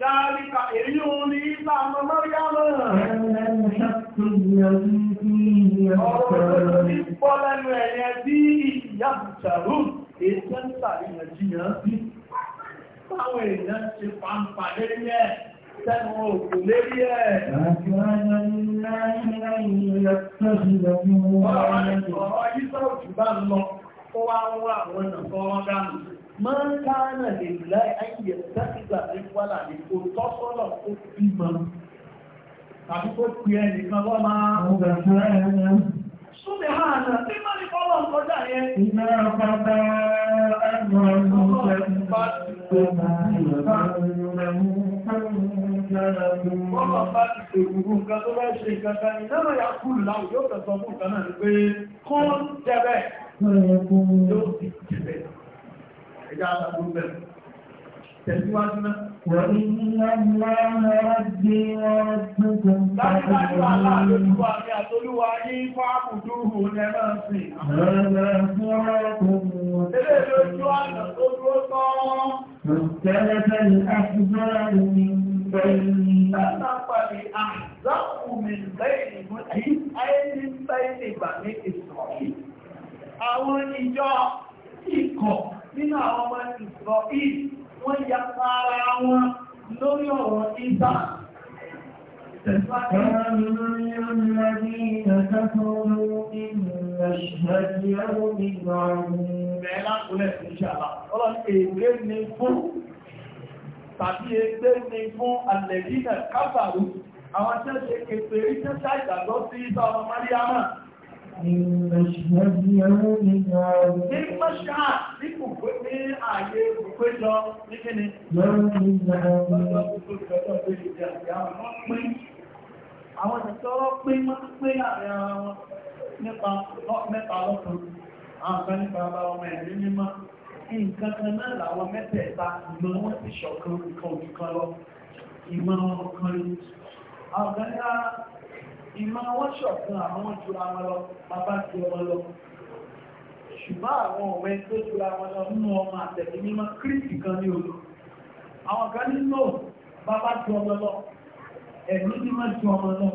Dáríkà èyí òun ní ìgbà àmọ́ Mọ́ríyámọ́. Ẹ̀rẹ́ ṣàtò ìyàwó sí ìyàwó. Ọ̀rọ̀ tí bọ́ lẹ́nu ẹ̀yẹ bí ìyàwó ṣàrò, èyí tẹ́ ń sàríyànjiyàn sí. Báwọn èèyàn ṣe pàǹpà lérí ẹ̀. Tẹ́wọ̀n òkú lérí ẹ̀. Àjọ́rọ̀ ní láàrín láàrín ìyàtọ̀ ìlọ́gbọ̀n. Ọ̀rọ̀ yìí sọ̀rọ̀ jù bá ń lọ kó wá ń wá àwọn ọ̀nà kọ́ wọ́n dánù máa ń ká náà lè láì ayé dákìgbà ní wàlà ní kò tọ́sọ́nà kó bímọ tàbí kó pè é nìkan lọ́ máa ń gbà fún ẹ̀ Súnmẹ̀ máa nà tí máa ní kọ́lọ̀ ń kọjá yẹn. Iná pápá ẹgbọ́n ló ń jẹ́ bá ti tó máa ń lọ sí ọmọ ẹ̀mú Ọlọ́run bá ti ṣe gbogbo nǹkan tó bá ṣe nǹkan kan, ìnáwó yà kúrò láwùjọ kẹsàn-án fún nǹkan náà ni pé kọ́ jẹ́ bẹ́ẹ̀ yóò sì jẹ́bẹ̀ ẹ̀dá àtàkùn bẹ̀rẹ̀ tẹ̀síwájú náà. Wọ́n ní ọmọ ọmọ gbé ọ̀rọ̀ gbogbo Láti láti wà láàrín olúwa ní àtolúwa ní fáàbùdúhù nẹ́mọ̀sí. Ọ̀rọ̀ fún ọ̀rọ̀ tó mú wọn. Ilé ìlú ọ̀nà tó dúró tọ́. Tẹ́lẹ̀fẹ́ àwọn ìjọ ikọ̀ nínú àwọn ọmọ ìsọ̀ ìd wọ́n ya para wọn lórí ọ̀rọ̀ ìsà قالوا الذين كفروا إن نشهد يوم عظيم لا قل إن شاء الله ọlọ́run ègbé ni fún tàbí ègbé ni fún alẹ́dínà káfàrú àwọn tẹ́ṣe kèfèrí tẹ́ṣe ìgbàgbọ́ sí ìsọ ọmọ Mariama Ní mọ́ṣáà ní kò pé ní ààyè òpé lọ ní kíni? Lọ́rún ní àwọn ìṣọ́rọ̀ pé mọ́ pé láàrin ara wọn nípa mẹ́ta lọ́kùnrin, àwọn kan nípa bá ọmọ ẹ̀rí mímọ́, nǹkan kan náà làwọn mẹ́tẹ̀ẹ̀ta ìmọ̀ wọ́n ti ṣọ̀kan nǹkan òjìkan lọ, ìmọ̀ ọkùnrin. Àwọn kan ní ìmọ̀ wọn ṣọ̀kan àwọn jura wọn lọ bàbá ti ọmọ lọ ṣùgbọ́n àwọn ọ̀wẹ́ tó jura wọn lọ nínú ọmọ àtẹ̀lé mímọ́ kírísì kan ní olú àwọn kan nínú bàbá ti ọmọ lọ ẹ̀mí mímọ́ ti ọmọ lọ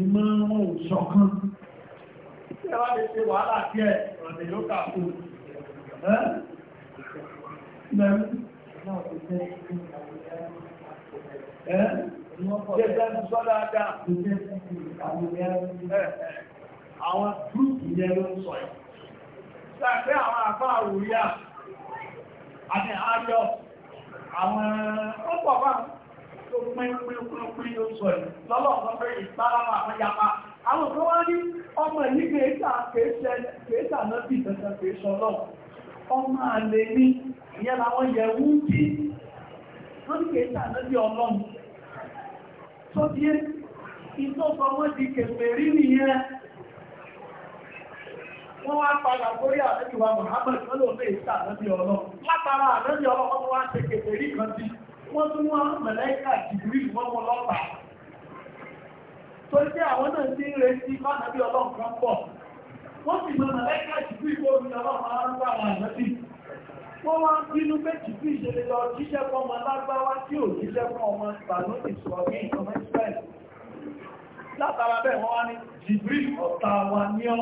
ìmọ̀ wọn ò ṣọ̀kan ẹwà lè ṣe jẹ́jẹ́ ń sọ dáadáa àwọn gúrùpù yẹn ló ń sọ ẹ̀ ṣàfẹ́ àwọn àfá àwòríà àti àájọ́ àwọn ọ̀pọ̀ bá tó pín pín pín pín ló ń sọ ẹ̀ lọ́lọ́ ọ̀pọ̀ ìpáráwà àpẹyapa àwọn tó wá ní ọmọ ìlú kèéta kèéta náà bí ìtẹ́sẹ̀ kèéṣọ́ náà ọmọ àlè ní ìyẹn làwọn yẹ̀ wúndì wọ́n ní kèéta náà bí ọlọ́run tó díé ìtọ́sọ wọ́n di kẹfẹ̀ rí nìyẹn wọ́n wá padà borí àlẹ́bíwá Muhammad lọ́lọ́fẹ́ ìsà àlẹ́bí ọlọ́ látara àlẹ́bí ọlọ́ wọ́n ṣe kẹfẹ̀ rí kan sí wọ́n tún wọ́n mẹ̀lẹ́kà jìbìrì wọ́n mọ́ lọ́pàá tó ṣe àwọn náà ti ń retí fánàbí ọlọ́ wọ́n wá bínú pé jìbí ìṣẹ̀lẹ̀ lọ jíṣẹ́ fún ọmọ lágbáwá tí ò jíṣẹ́ fún ọmọ ìbànújì sọ̀rọ̀ ní ìtọ́mọ́ ìsírẹ́lì látara bẹ́ẹ̀ wọ́n wá ní jìbí ọ̀tá wa ní ọ́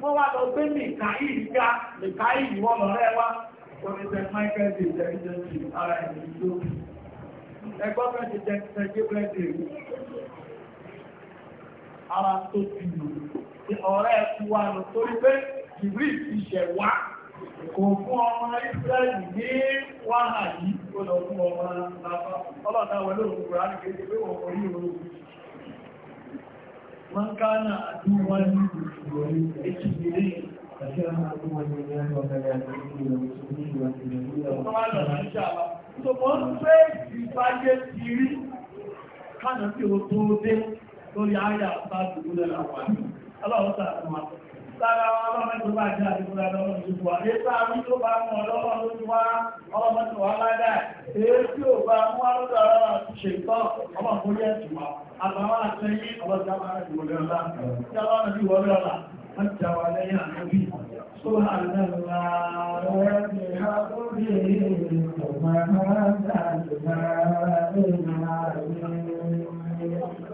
wọ́n wá lọ gbé mìkáì ga mìkáì ìwọ̀n lọ́rẹ́ wá oníṣẹ́ Michael d jẹ́jẹ́jì ara ìlú ẹgbọ́n fẹ́ ti jẹ́jẹ́ blẹ́dẹ̀ ara tó ti lò ọ̀rẹ́ ẹ̀kú wa lọ torí pé jìbí ìṣẹ̀wá kò fún ọmọ Israẹli ní wáhà yìí ó lọ fún ọmọ lápá ọlọ́tàwọ̀ lóòrùn kùrá ní kéde pé wọ́n orí oòrùn wọ́n ká náà àdúwọ́ ní ìgbòrí Kánà tí ó tó dé lórí ayà bá dùgbò lẹ́la wà ní aláwọ̀ta àwọn àpọ̀ lára ọlọ́run tó bá jẹ́ àdìgbòrò àdọ́rùn ìlú wa ètò àwọn tó bá mú ọlọ́run ló ti wá ọlọ́mọ tó wá ládà èyí tí ò bá mú àlọ́dọ̀ ọlọ́run ti ṣe ìtọ́ ọmọ kó yẹ ti wà àtàwọn àtẹyìn ọlọ́jà máa ń wọlé ọlá tí ọlọ́run ti wọlé ọlá wọ́n ti àwọn lẹ́yìn àmọ́bí tó hà lẹ́la ọ̀rẹ́ ti ha tó bí ọmọ